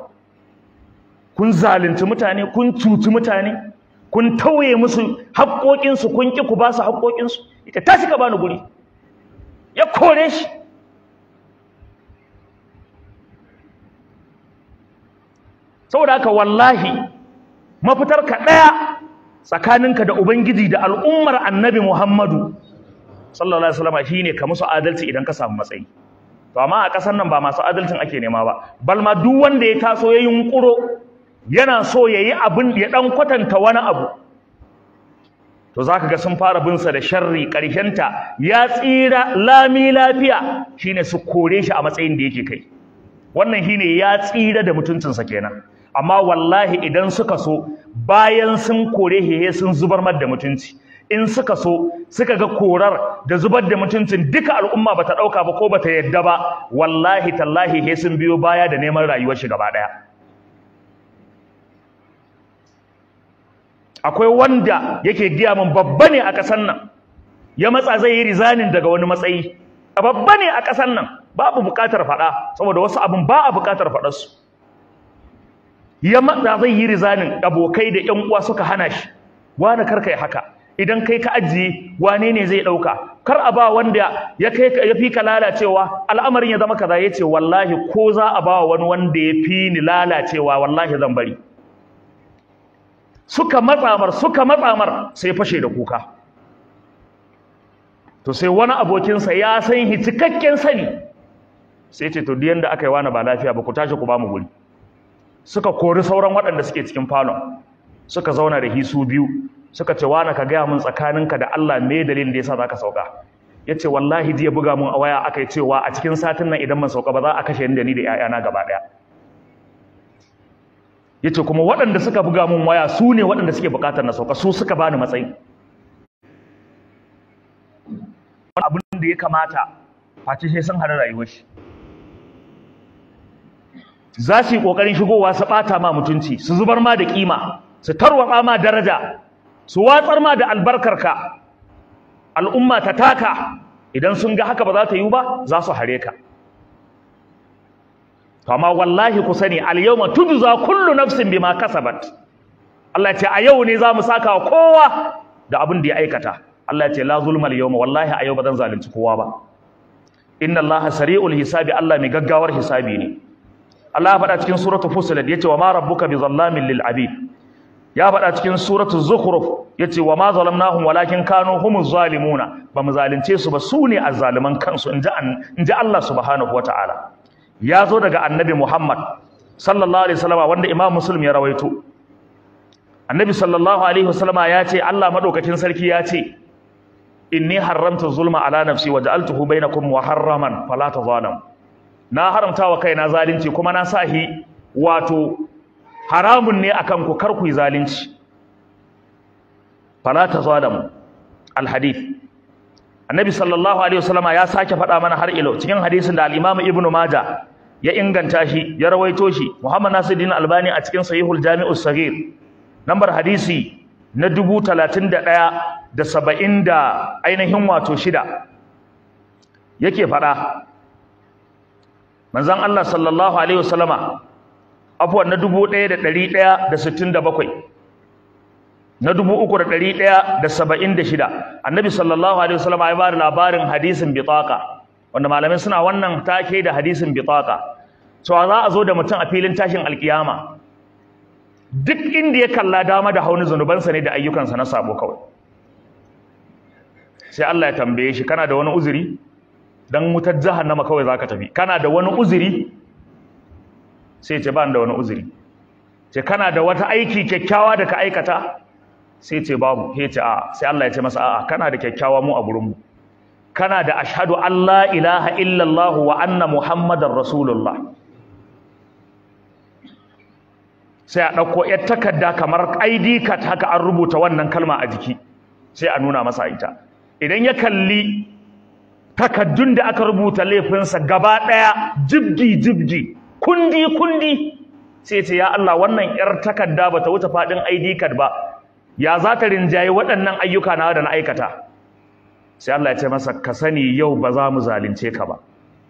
kun zalunci mutane kun cuci mutane kun tauye musu haƙoƙinsu kun ƙi ku ba su haƙoƙinsu ita ta shiga bani guri ya kore shi saboda haka wallahi mafitarka ɗaya tsakaninka da ubangiji da al'ummar annabi muhammadu sallallahu alaihi wasallam ne ka musu adalci idan ka samu matsayi to amma a ƙasar nan ba masu adalcin ake nema ba balma duk wanda ya taso ya yunƙuro yana so ya yi abin ya ɗan kwatanta wani abu to za ka ga sun fara binsa da sharri ƙarshenta ya tsira lami lafiya shine su kore shi a matsayin da yake kai wannan shine ya tsira da mutuncinsa kenan amma wallahi idan suka so bayan sun kore hehe sun zubar mar da mutunci in suka so suka ga korar da zubar da mutuncin duka al'umma ba ta ɗauka ba ko ba ta yadda ba wallahi tallahi he sun biyo baya da neman rayuwar shi gaba ɗaya akwai wanda yake giya min babba ne a ƙasar nan ya matsa zai yi rizanin daga wani matsayi babba ne a ƙasar nan babu buƙatar faɗa saboda wasu abin ba a buƙatar faɗarsu ya matsa zai yi rizanin abokai da ƴan uwa suka hana shi wani kar kai haka idan kai ka ajiye wane ne zai ɗauka kar a ba wanda ya kai ya fi ka lalacewa al'amarin ya zama kaza ya ce wallahi ko za a ba wani wanda ya fi ni lalacewa wallahi zan bari suka matsamar suka matsamar sai fashe da kuka to sai wani abokinsa ya san shi cikakken sani sai ce to diyan da aka yi wani ba lafiya ba ku tashi ku ba mu guri suka kori sauran waɗanda suke cikin falon suka zauna da hisu biyu suka ce wani ka gaya tsakanin tsakaninka da Allah me dalilin da yasa zaka sauka ya ce wallahi jiya buga mun a waya aka yi cewa a cikin satin nan idan mun sauka ba za a kashe ni da ni da 'ya'yana gaba ɗaya Ya ce, kuma waɗanda suka buga mun waya su ne waɗanda suke buƙatar na sauka su suka bani matsayin abin da ya kamata face sai sun hada rayuwar shi za su yi ƙoƙarin shigowa su ɓata ma mutunci su zubar ma da ƙima su tarwa ma daraja su watsar ma da albarkarka al'umma ta taka idan sun ga haka ba za ta yiwu ba za su hare ka Kama wallahi ku sani al tudu tujza kullu nafsin bima kasabat Allah ya ce a yau ne za mu saka kowa da abin da ya aikata Allah ya ce la zulma al wallahi a yau ba zan zalunci kowa ba inna Allah sari'ul hisabi Allah mai gaggawar hisabi ne Allah ya faɗa cikin suratul fusilat yace wa ma rabbuka bi zallamin lil abid ya faɗa cikin suratul zukhruf yace wa ma zalamnahum walakin kanu humuz zalimuna ba mu zalunce su ba su ne azzaliman kansu inji Allah subhanahu wataala ya zo daga annabi Muhammad sallallahu alaihi wasallam wanda Imam Muslim ya rawaito annabi sallallahu alaihi wasallam ya ce Allah madaukakin sarki ya ce inni haramta zulma ala nafsi wa ja'altuhu bainakum muharraman fala tazalam na haramta wa kaina zalunci kuma na sahi wato haramun ne akan ku kar ku yi zalunci fala tazalam alhadith annabi sallallahu alaihi wasallama ya sake faɗa mana har ilo cikin hadisin da al-imamu ibnu maja ya inganta shi ya rawaito shi Muhammad Nasiruddin Albani a cikin Sahihul Jami'us Saghir lambar hadisi na dubu talatin da ɗaya da saba'in da ainihin wato shida yake faɗa manzan Allah sallallahu alaihi wasallama afuwar na dubu ɗaya da ɗari ɗaya da sittin da bakwai na dubu uku da ɗari ɗaya da saba'in da shida annabi sallallahu alaihi wasallama ya ba da labarin hadisin bitaka wanda malamai suna wannan take da hadisin bitaka cewa za a zo da mutum a filin tashin alkiyama duk inda ya kalla dama da hauni zunubansa ne da ayyukansa na sabo kawai sai Allah ya tambaye shi kana da wani uzuri dan wutar jahannama kawai zaka tafi kana da wani uzuri sai ce ban da wani uzuri ce kana da wata aiki kyakkyawa da ka aikata sai ce babu sai ce a sai Allah ya ce masa a'a kana da kyakkyawa mu a gurin mu kana da ashadu Allah ilaha illallah wa anna muhammadar rasulullah sai a ɗauko ‘yar takarda kamar ID card haka an rubuta wannan kalma a jiki sai a nuna masa ita idan ya kalli takardun da aka rubuta laifinsa gaba ɗaya jibgi jibgi kundi kundi sai ce ya Allah wannan ‘yar takarda ba ta wuce faɗin ID card ba ya za ta rinjaye waɗannan ayyuka na da na aikata sai Allah ya ce masa ka sani yau ba za mu zalunce ka ba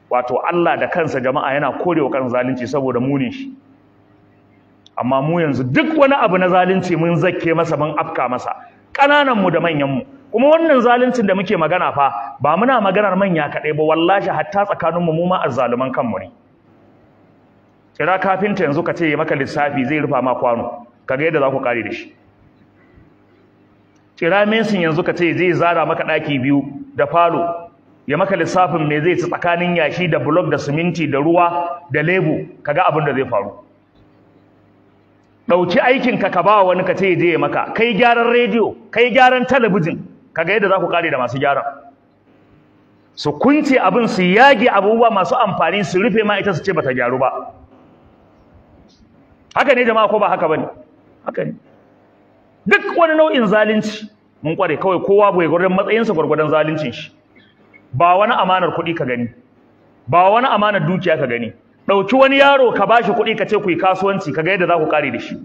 wato Allah da kansa jama'a yana korewa kan zalunci saboda munin shi amma mu yanzu duk wani abu na zalunci mun zakke masa mun afka masa kananan mu da manyan mu kuma wannan zaluncin da muke magana fa ba muna maganar manya kaɗai ba wallahi hatta tsakaninmu mu ma azzaluman kanmu ne kira kafinta yanzu ka ce maka lissafi zai rufa ma kwano kaga yadda za ku kare da shi kira mesin yanzu ka ce zai zara maka ɗaki biyu da falo ya maka lissafin mai zai ci tsakanin yashi da blok da siminti da ruwa da lebu ka ga abin da zai faru ɗauki aikinka ka ba wani ka ce je maka kai gyaran rediyo kai gyaran talabijin kaga yadda za ku kare da masu gyaran su kunce abin su yage abubuwa masu amfani su rufe ma ita su ce bata gyaru ba haka ne jama'a ko ba haka bane haka ne duk wani nau'in zalunci mun kware kawai kowa bai gurgurdan matsayinsa gurgurdan zaluncin shi ba wani amanar kuɗi ka gani ba wani amanar dukiya ka gani ɗauki wani yaro ka bashi kuɗi ka ce ku yi kasuwanci ka ga yadda za ku kare da shi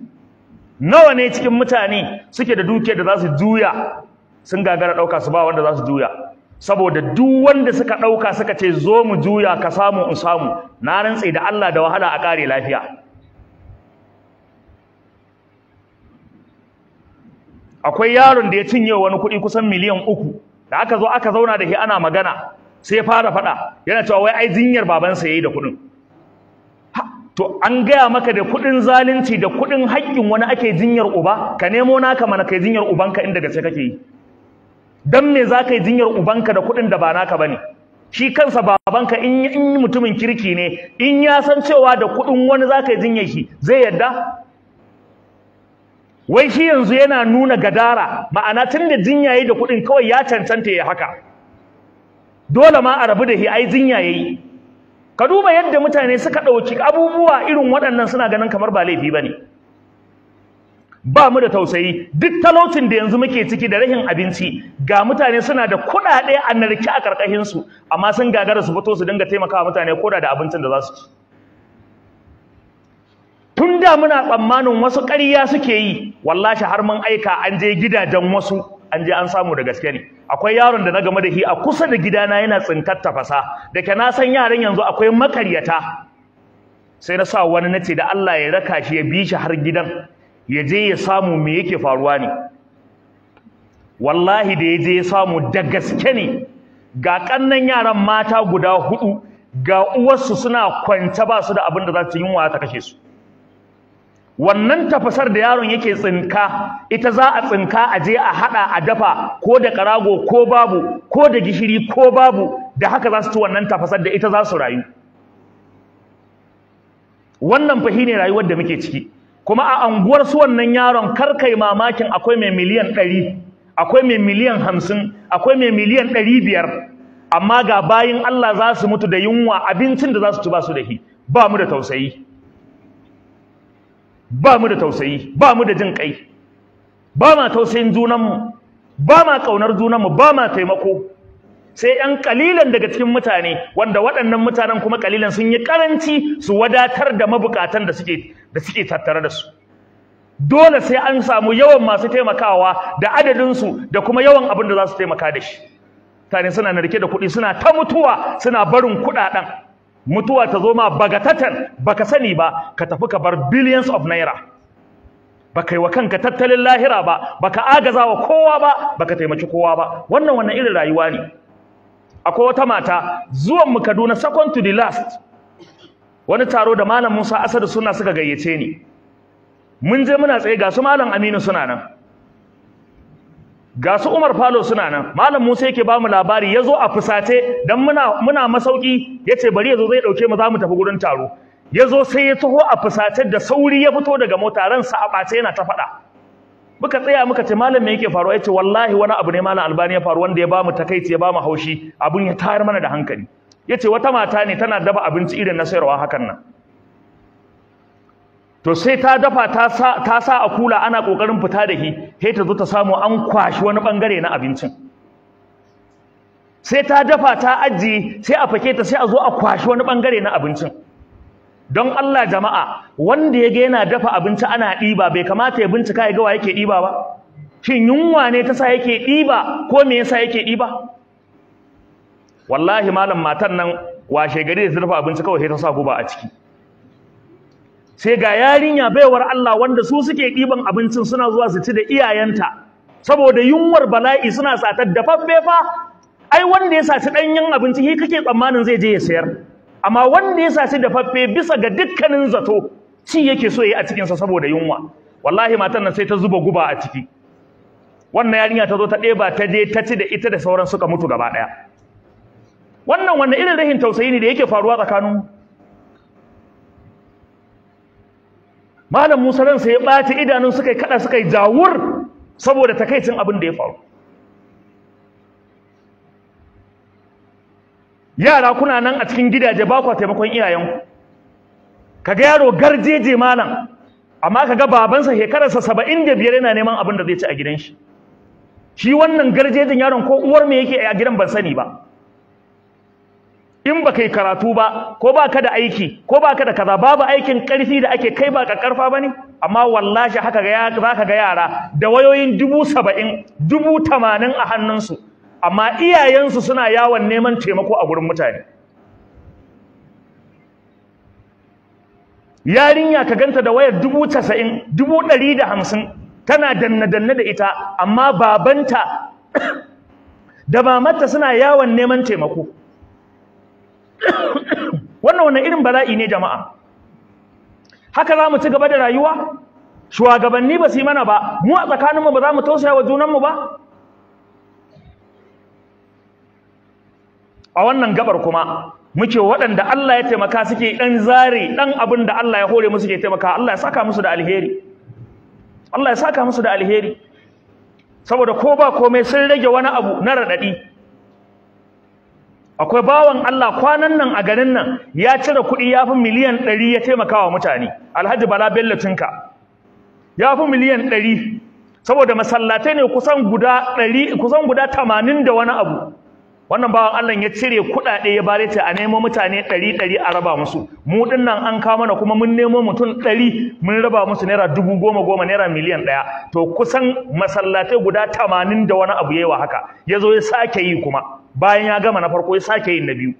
nawa ne cikin mutane suke da dukiya da za su juya sun gagara ɗauka su ba wanda za su juya saboda duk wanda suka ɗauka suka ce zo mu juya ka samu in samu na rantse da Allah da wahala a kare lafiya akwai yaron da ya cinye wani kuɗi kusan miliyan uku da aka zo aka zauna da shi ana magana sai ya fara faɗa yana cewa wai ai jinyar babansa ya yi da kuɗin to an gaya maka da kuɗin zalunci da kuɗin haƙƙin wani ake jinyar uba ka nemo naka mana kai jinyar ubanka inda gaske kake yi dan me za ka yi jinyar ubanka da kuɗin da ba naka ba ne shi kansa babanka in mutumin kirki ne in ya san cewa da kuɗin wani za ka yi jinyar shi zai yadda wai shi yanzu yana nuna gadara ma'ana tun da jinya da kuɗin kawai ya cancanta ya haka dole ma a rabu da shi ai jinya yayi ka duba yadda mutane suka ɗauki abubuwa irin waɗannan suna ganin kamar ba laifi bane ba mu da tausayi duk talaucin da yanzu muke ciki da rahin abinci ga mutane suna da kuɗaɗe a narki a ƙarƙashinsu amma sun gagara su fito su dinga taimakawa mutane koda da abincin da za su ci tun da muna tsammanin wasu ƙarya suke yi wallahi har mun aika an je gidajen wasu an je an samu da gaske ne akwai yaron da na game da shi a kusa da gidana yana tsinkar tafasa da ke na san yaran yanzu akwai makaryata sai na sa wani na ce da Allah ya raka shi ya bi shi har gidan ya je ya samu me yake faruwa ne wallahi da ya je ya samu da gaske ne ga ƙannan yaran mata guda hudu ga uwarsu suna kwance ba su da abin da za su yi wa ta kashe su wannan tafasar da yaron yake tsinka ita za a tsinka a je a hada a dafa ko da karago ko babu ko da gishiri ko babu da haka za su ci wannan tafasar da ita za su rayu wannan fahi ne rayuwar da muke ciki kuma a anguwar su wannan yaron kar kai mamakin akwai mai miliyan ɗari akwai mai miliyan hamsin akwai mai miliyan ɗari biyar amma ga bayin Allah za su mutu da yunwa abincin da za su ci ba su da shi ba mu da tausayi ba mu da tausayi ba mu da jin kai ba ma tausayin junanmu ba ma ƙaunar junanmu ba ma taimako sai ‘yan ƙalilan daga cikin mutane wanda waɗannan mutanen kuma ƙalilan sun yi ƙaranci su wadatar da mabukatan da suke tattare da su dole sai an samu yawan masu taimakawa da adadinsu da kuma yawan abin da za su taimaka da shi mutane suna narke da kuɗi suna ta mutuwa suna barin kuɗaɗen mutuwa ta zo ma bagatatan baka sani ba ka tafi ka bar billions of naira baka yi wa kanka tattalin lahira ba baka agaza wa kowa ba baka taimaki kowa ba wannan wannan irin rayuwa ne akwai wata mata zuwan mu Kaduna second to the last wani taro da malam Musa Asad suna suka gayyace ni mun je muna tsaye ga su malam Aminu suna nan ga su Umar Falo suna nan malam Musa yake ba mu labari yazo a fusace dan muna muna masauki yace bari yazo zai dauke mu za mu tafi gurin taro yazo sai ya taho a fusace da sauri ya fito daga mota sa a bace yana ta fada muka tsaya muka ce malam me yake faruwa yace wallahi wani abu ne malam Albani ya faru wanda ya ba mu takeici ya ba mu haushi abun ya tayar mana da hankali yace wata mata ne tana daba abinci irin na sayarwa hakan nan to sai ta dafa ta sa a kula ana kokarin fita da shi sai ta zo ta samu an kwashi wani bangare na abincin sai ta dafa ta aji sai a fake ta sai a zo a kwashi wani bangare na abincin don Allah jama'a wanda ya ga yana dafa abinci ana ɗiba bai kamata ya bincika ya ga wa yake ɗiba ba shin yunwa ne ta sa yake ɗiba ko me yasa yake ɗiba wallahi malam matan nan washe gari da ta dafa abinci kawai sai ta sa guba a ciki sai ga yarinya baiwar Allah wanda su suke ɗiban abincin suna zuwa su ci da iyayenta saboda yunwar bala'i suna satar dafaffe fa ai wanda ya saci ɗanyen abinci shi kake tsammanin zai je ya sayar amma wanda ya saci dafaffe bisa ga dukkanin zato ci yake so ya yi a cikinsa saboda yunwa wallahi matan nan sai ta zuba guba a ciki wannan yarinya ta zo ta ɗeba ta je ta ci da ita da sauran suka mutu gaba ɗaya wannan wannan irin rahin tausayi ne da yake faruwa tsakaninmu malam musa ransa ya ɓaci idanun suka yi kaɗa suka jawur saboda takaicin abin da ya faru yara kuna nan a cikin gidaje ba kwa taimakon iyayenku kaga yaro garjeje malam amma kaga babansa shekararsa saba'in da biyar yana neman abin da zai ci a gidan shi shi wannan garjejin yaron ko uwar me yake a gidan ban sani ba in baka yi karatu ba ko ka da aiki ko baka da kaza babu aikin karfi da ake kai ba karfa bane amma wallahi haka ga zaka ga yara da wayoyin dubu saba'in dubu tamanin a hannunsu amma iyayensu suna yawon neman taimako a gurin mutane yarinya ka ganta da wayar dubu 150 da hamsin tana danna-danna da ita amma babanta <coughs> da mamarta suna yawon neman taimako <coughs> wannan wannan irin bala'i ne jama'a haka za mu ci gaba da rayuwa shugabanni ba su yi mana ba mu a tsakaninmu ba za mu tausaya wa junanmu ba a wannan gabar kuma muke waɗanda Allah ya taimaka suke ɗan zare ɗan abin da Allah ya hore musu ke taimaka Allah ya saka musu da alheri Allah ya saka musu da alheri saboda ko ba komai sun rage wani abu na raɗaɗi akwai bawan Allah kwanan nan a garin nan ya cire kuɗi ya fi miliyan ɗari ya taimaka wa mutane alhaji bala bello tinka ya fi miliyan ɗari saboda masallatai ne kusan guda ɗari kusan guda tamanin da wani abu wannan bawan Allah ya cire kuɗaɗe ya bare ta a nemo mutane ɗari ɗari a raba musu mu ɗin an kawo mana kuma mun nemo mutum ɗari mun raba musu naira dubu goma goma naira miliyan ɗaya to kusan masallatai guda tamanin da wani abu yayi wa haka ya zo ya sake yi kuma bayan ya gama na farko ya sake yin na biyu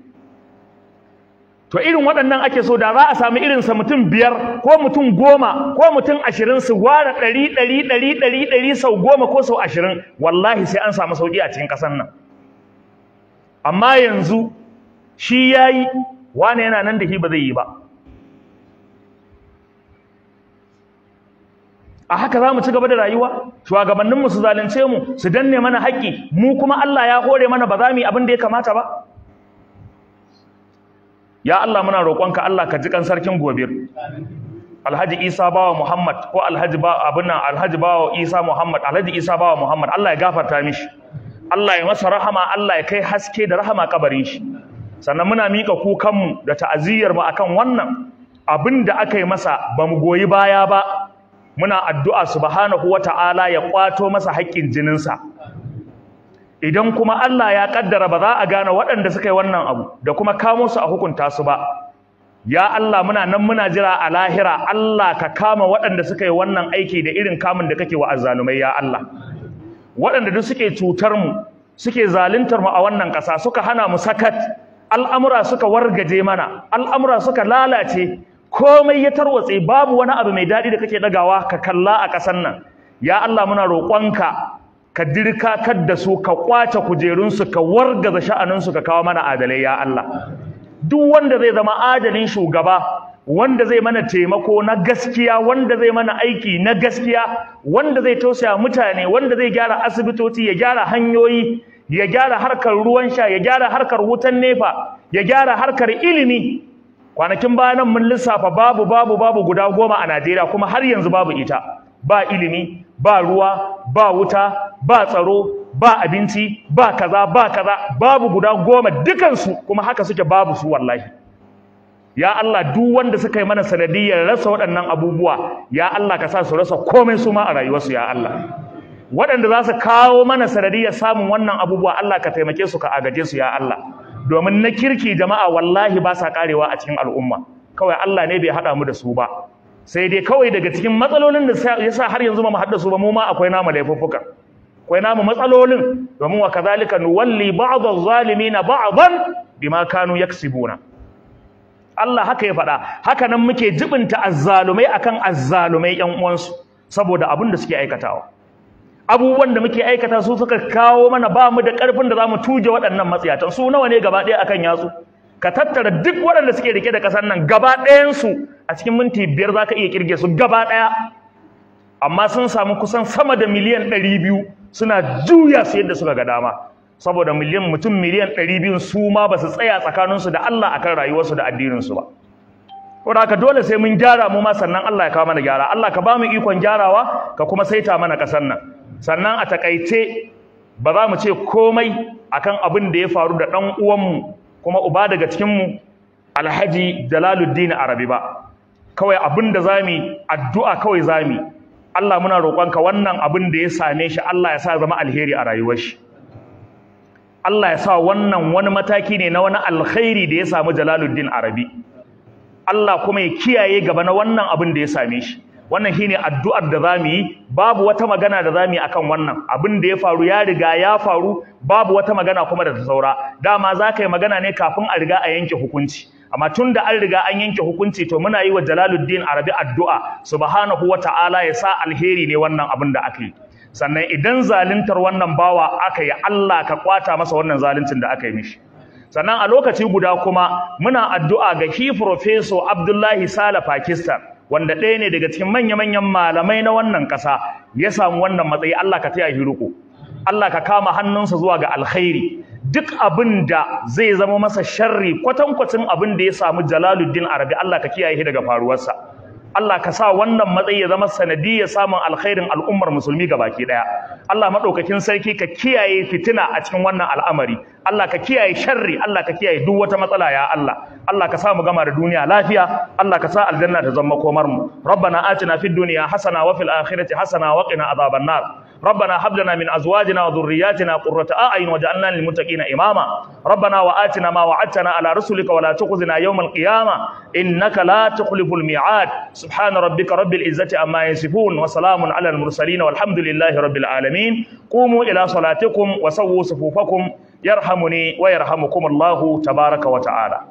to irin waɗannan ake so da za a samu irin sa mutum biyar ko mutum goma ko mutum ashirin su ware ɗari ɗari ɗari ɗari ɗari sau goma ko sau ashirin wallahi sai an samu sauƙi a cikin ƙasar nan amma yanzu shi yayi wane yana nan da shi ba zai yi ba a haka za mu ci gaba da rayuwa shugabanninmu su zalunce mu su danne mana haƙƙi mu kuma Allah ya hore mana ba za mu yi abin da ya kamata ba ya Allah muna roƙonka Allah ka ji kan sarkin gobe. Alhaji Isa bawa Muhammad ko Alhaji ba abuna Alhaji bawa Isa Muhammad Alhaji Isa bawa Muhammad Allah ya gafarta mishi Allah ya masa rahama Allah ya kai haske da rahama kabarin shi sannan muna mika kukan mu da ta'aziyyar mu akan wannan abin da aka yi masa ba mu goyi baya ba muna addu'a subhanahu wata'ala ya kwato masa haƙƙin jininsa idan kuma Allah ya kaddara ba za a gane waɗanda suka yi wannan abu da kuma kamo su a hukunta su ba ya Allah muna nan muna jira a lahira Allah ka kama waɗanda suka yi wannan aiki da irin kamun da kake wa azzalumai ya Allah waɗanda duk suke cutar mu suke zaluntar mu a wannan ƙasa suka hana mu sakat al'amura suka wargaje mana al'amura suka lalace komai ya tarwatse babu wani abu mai daɗi da kake ɗagawa ka kalla a ƙasar nan ya Allah muna roƙonka ka dirka kar da su ka kwace kujerunsu ka wargaza sha'aninsu ka kawo mana adalai ya Allah duk wanda zai zama adalin shugaba wanda zai mana taimako na gaskiya wanda zai mana aiki na gaskiya wanda zai tausaya mutane wanda zai gyara asibitoci ya gyara hanyoyi ya gyara harkar ruwan sha ya gyara harkar wutan nefa ya gyara harkar ilimi kwanakin bayanan mun lissafa babu babu babu guda goma a Najeriya kuma har yanzu babu ita ba ilimi ba ruwa ba wuta ba tsaro ba abinci ba kaza ba kaza babu guda goma dukansu kuma haka suke babu su wallahi ya Allah duk wanda suka yi mana sanadiyar rasa waɗannan abubuwa ya Allah ka sa su rasa komai su ma a rayuwarsu ya Allah waɗanda za su kawo mana sanadiyar samun wannan abubuwa Allah ka taimake su ka agaje su ya Allah domin na kirki jama'a wallahi ba sa karewa a cikin al'umma kawai Allah ne bai haɗa mu da su ba sai dai kawai daga cikin matsalolin da ya sa har yanzu ba mu haɗa su ba mu ma akwai namu laifuffuka akwai namu matsalolin domin wa kazalika nuwalli ba'dadh na ba'dan bima kanu yaksibuna Allah haka ya faɗa haka nan muke jibinta azzalumai akan azzalumai ƴan uwansu saboda abin da suke aikatawa abubuwan da muke aikata su suka kawo mana ba mu da ƙarfin da zamu tuje waɗannan matsiyatan su nawa ne gaba ɗaya akan yatsu ka tattara duk waɗanda suke rike da ƙasar nan gaba ɗayansu a cikin minti biyar zaka iya kirge su gaba ɗaya amma sun samu kusan sama da miliyan ɗari biyu suna juya su yadda suka ga dama saboda miliyan mutum miliyan 200 su ma ba su tsaya tsakaninsu da Allah akan rayuwarsu da addininsu ba Uraka haka dole sai mun gyara mu ma sannan Allah ya kawo mana gyara Allah ka ba mu ikon gyarawa ka kuma saita mana kasar nan sannan a takaice ba za mu ce komai akan abin da ya faru da dan mu kuma uba daga cikin mu Alhaji Jalaluddin Arabi ba kawai abin da zamu addu'a kawai zamu Allah muna roƙonka wannan abin da ya same shi Allah ya sa zama alheri a rayuwar shi Allah ya sa wannan wani mataki ne na wani alkhairi da ya samu Jalaluddin Arabi Allah kuma ya kiyaye gaba na wannan abin da ya same shi wannan shine addu'ar da zamu yi babu wata magana da zamu yi akan wannan abin da ya faru ya riga ya faru babu wata magana kuma da ta saura dama za ka yi magana ne kafin a riga a yanke hukunci amma tun da an riga an yanke hukunci to muna yi wa Jalaluddin Arabi addu'a subhanahu wata'ala ya sa alheri ne wannan abin da aka yi sannan idan zaluntar wannan bawa aka yi Allah ka kwata masa wannan zaluncin da aka yi mishi sannan a lokaci guda kuma muna addu'a ga shi Profeso Abdullahi Sala Pakistan wanda ɗaya ne daga cikin manya-manyan malamai na wannan ƙasa ya samu wannan matsayi Allah ka taya shi riko Allah ka kama hannunsa zuwa ga alkhairi duk abin da zai zama masa sharri kwatankwacin abin da ya samu Jalaluddin Arabi Allah ka kiyaye shi daga faruwarsa Allah ka sa wannan matsayi ya zama sanadiyyar samun alkhairin al'ummar musulmi baki daya Allah madaukakin sarki ka kiyaye fitina a cikin wannan al'amari Allah ka kiyaye sharri Allah ka kiyaye duk wata matsala ya Allah Allah ka sa mu gama da duniya lafiya Allah ka sa aljanna ta zama komar mu rabbana atina fid dunya hasana wa fil akhirati hasana wa qina adhaban nar ربنا هب لنا من ازواجنا وذرياتنا قرة اعين واجعلنا للمتقين اماما ربنا واتنا ما وعدتنا على رسلك ولا تخزنا يوم القيامه انك لا تخلف الميعاد سبحان ربك رب العزه عما يصفون وسلام على المرسلين والحمد لله رب العالمين قوموا الى صلاتكم وسووا صفوفكم يرحمني ويرحمكم الله تبارك وتعالى